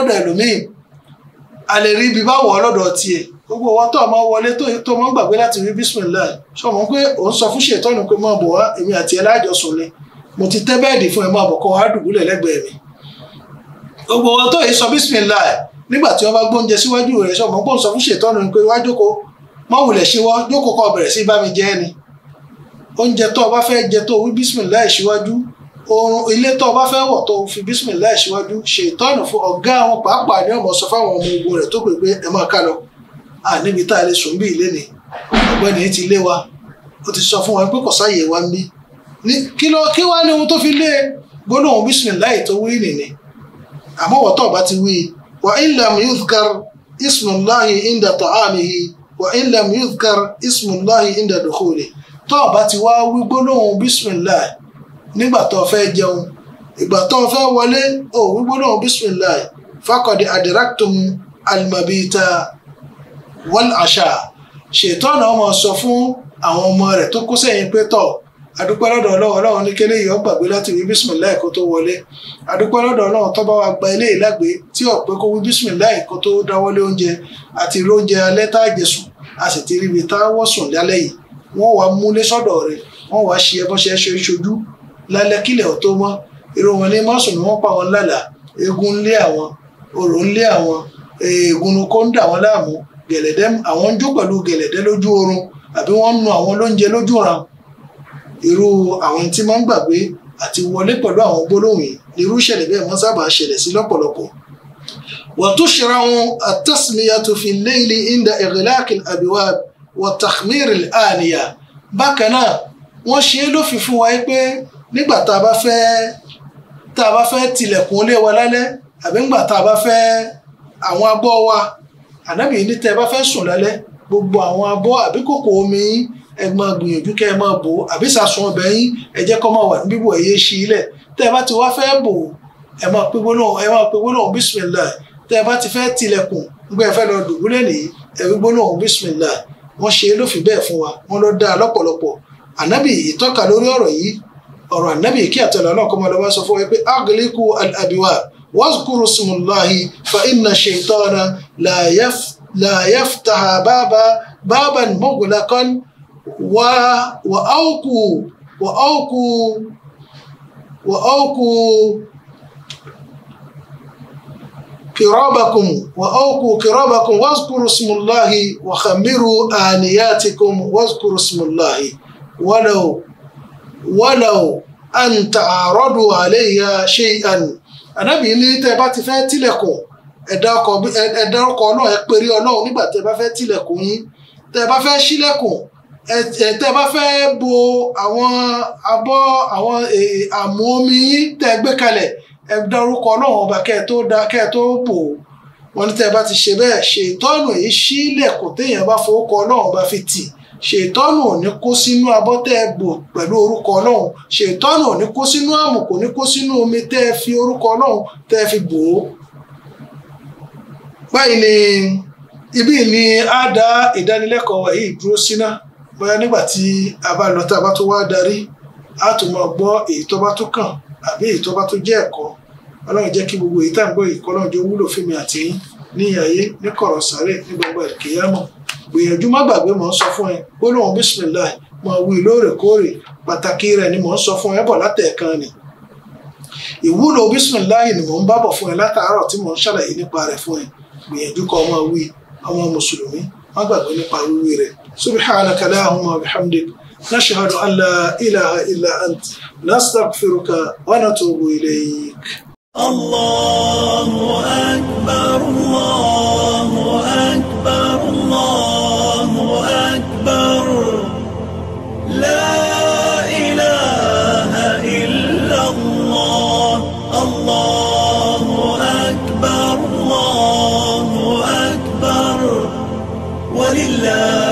a lè rí ibi bá wọ̀ ọ́ lọ́dọ̀ tiẹ̀ gbogbo ọwọ́ tó ọmọ wọlé tó mọ́ gbàgbé láti rí bisimilayi sọmọ pé òun sọ fún ṣètọ́nù pé máa bọ̀ wá èmi àti ẹ lájọsùn ni mo ti tẹ́ bẹ́ẹ̀dì fún ẹ máa bọ̀ kọ́ àdùgbúlẹ̀ lẹ́gbẹ̀ẹ́ mi gbogbo ọwọ́ tó yìí sọ bisimilayi nígbà tí wọ́n bá gbóúnjẹ síwájú rẹ̀ sọmọ pé òun sọ fún ṣètọ́nù pé wá jókòó má wulẹ̀ ṣe jókòó kó bẹ̀rẹ̀ sí bá mi jẹ ni oúnjẹ tó o bá fẹ́ jẹ tó o wí bisimilayi síwájú oorun ilé tó o bá fẹ́ wọ̀ tó o fi bísímìlá ìṣíwájú ṣe ìtọ́nà fún ọ̀gá àwọn pàápàá ní ọmọ sọ fáwọn ọmọ ogun rẹ̀ tó pè pé ẹ máa ká lọ à níbi tá a lè sùn bí ilé ni ọ̀gbẹ́ni ti lé wa ó ti sọ fún wa pé kò wa ní kí ló kí wá ní ohun tó fi lé gbólóhùn bísímìlá tó wí nìní àmọ́ wọ́n tó bá ti wí wa illam yuzkar ismullahi inda ta'amihi wa illam yuzkar ismullahi inda dukhuli tó bá ti wá wí gbólóhùn bísímìlá nígbà tó fẹ́ jẹun ìgbà tó fẹ́ wọlé òun gbọ́dọ̀ bisimilayi fakọ̀dé adiraktum alimabita wal àṣà ṣètọ́nà ọmọ sọ fún àwọn ọmọ rẹ̀ tó kú sẹ́yìn pé tọ̀ adúpẹ́ lọ́dọ̀ ọlọ́run ọlọ́run ní kélé yìí ó gbàgbé láti wí bísímìláì kó tó wọlé adúpẹ́ lọ́dọ̀ ọlọ́run tó bá wa gba ilé ìlágbé tí ọ̀pẹ́ kó wí bísímìláì kó tó dáwọ́lé oúnjẹ àti irú oúnjẹ alẹ́ tá a jẹ sùn a sì ti ríbi tá a wọ̀ sùn lálẹ́ yìí wọ́n wàá múlé sọ́dọ̀ rẹ̀ wọ́n wàá ṣe ẹbọ́ṣẹ́ ṣojú lálẹ́ kílẹ̀ ò tó mọ́ irú wọn ní mọ́sùnù wọn pa wọn lálàá eégún ń lé àwọn orò ń lé àwọn eégún kó ń dà wọn láàmú gẹ̀lẹ̀dẹ́ àwọn ń jó pẹ̀lú gẹ̀lẹ̀dẹ́ lójú oorun àbí wọ́n ń nu àwọn lóúnjẹ lójú ran irú àwọn tí wọ́n ń gbàgbé àti wọlé pẹ̀lú àwọn gbólóhùn yìí irú ìṣẹ̀lẹ̀ bẹ́ẹ̀ mọ́ sábà ṣẹlẹ̀ sí lọ́pọ̀lọpọ̀ وتشرع التسمية في الليل عند إغلاق الأبواب وتخمير الآنية bákan náà wọ́n ṣe é lófin fún wa pé nígbà tá a bá fẹ́ tá a bá fẹ́ tilẹ̀kùn ilé wa lálẹ́ àbí ńgbà tá a bá fẹ́ àwọn abọ́ wa ànábì ní tẹ́ ẹ bá fẹ́ sùn lálẹ́ gbogbo àwọn abọ́ àbí kòkò omi ẹ máa gbìyànjú kẹ́ ẹ máa bò ó àbí sàsun ọbẹ̀ yín ẹ jẹ́ kó máa wà ní bíbò ẹ̀yẹ ṣí ilẹ̀ tẹ́ ẹ bá ti wá fẹ́ bò ó ẹ máa pe gbólóhùn ẹ máa pe gbólóhùn bísímìláì tẹ́ ẹ bá ti fẹ́ tilẹ̀kùn gbé ẹ fẹ́ lọ dùbúlẹ̀ nìyí ẹ fi gbólóhùn bísímìláì wọ́n ṣe é lófin bẹ́ẹ̀ fún wa wọ́n lọ dáa lọ́pọ̀lọpọ̀ ànábì ìtọ́ka lórí ọ̀rọ̀ yìí ọ̀rọ̀ ànábì kí àtẹ̀lẹ́ náà kọ́mọ lọ́wọ́ sọ fún wa pé agliku al-abwa wazkuru smullahi fa iná ṣe tọ́ra yaf bàbá yaftaha baba baban mughlaqan wa wa awku wa awku wa awku كرابكم وأوقوا كرابكم واذكروا اسم الله وخمروا آنياتكم واذكروا اسم wọn ولو wọ́lẹ̀wò àǹtà àrọ́dù àléyà ṣe àní ànábì ní tẹ́ bá ti fẹ́ tilẹ̀kùn ẹ̀dá ọkọ̀ náà ẹ péré ọlọ́run nígbà tẹ́ bá fẹ́ tilẹ̀kùn yín tẹ́ bá fẹ́ ṣílẹ̀kùn tẹ́ bá fẹ́ bo àwọn abọ́ àwọn e, e, àmú omi yín tẹ́ gbé kalẹ̀ ẹ dárúkọ ọlọ́run ọba kẹ́ẹ̀ tó da kẹ́ẹ̀ tó bò ó wọ́n ní tẹ́ bá ti ṣe bẹ́ẹ̀ ṣe ìtọ́nù yìí ṣílẹ̀kùn téèyàn bá fowó kọ ọlọ́run ọba fi tì í ṣètọ́nù ò ní kó sínú abọ́ tẹ́ ẹ gbò pẹ̀lú orúkọ ọlọ́run ṣètọ́nù ò ní kó sínú àmù kò ní kó sínú omi tẹ́ ẹ fi orúkọ ọlọ́run tẹ́ ẹ fi bò báyìí ni ibí ni a dá ìdánilẹ́kọ̀ọ́ yìí dúró síná bóyá nígbà tí a bá lọ tá a bá tó wá darí a tó máa gbọ́ èyí tó bá tó kàn àbí èyí tó bá tó jẹ́ ẹ̀kọ́ ọlọ́run jẹ́ kí gbogbo èyí tá à ń gbọ́ yìí gbìyànjú má gbàgbé mò ń sọ fún ẹ gbólóhùn bísímìláì mò ń wí lóòrèkóòrè pàtàkì rẹ ni mò ń sọ fún ẹ bọ̀ látẹ̀ẹ̀kan ni ìwúlò bísímìláì ni mò ń bábọ̀ fún ẹ látàárọ̀ tí mò ń ṣàlàyé nípa rẹ fún ẹ gbìyànjú kọ́ ọmọ wí ọmọ mùsùlùmí má gbàgbé nípa wíwí rẹ الله أكبر الله أكبر الله love.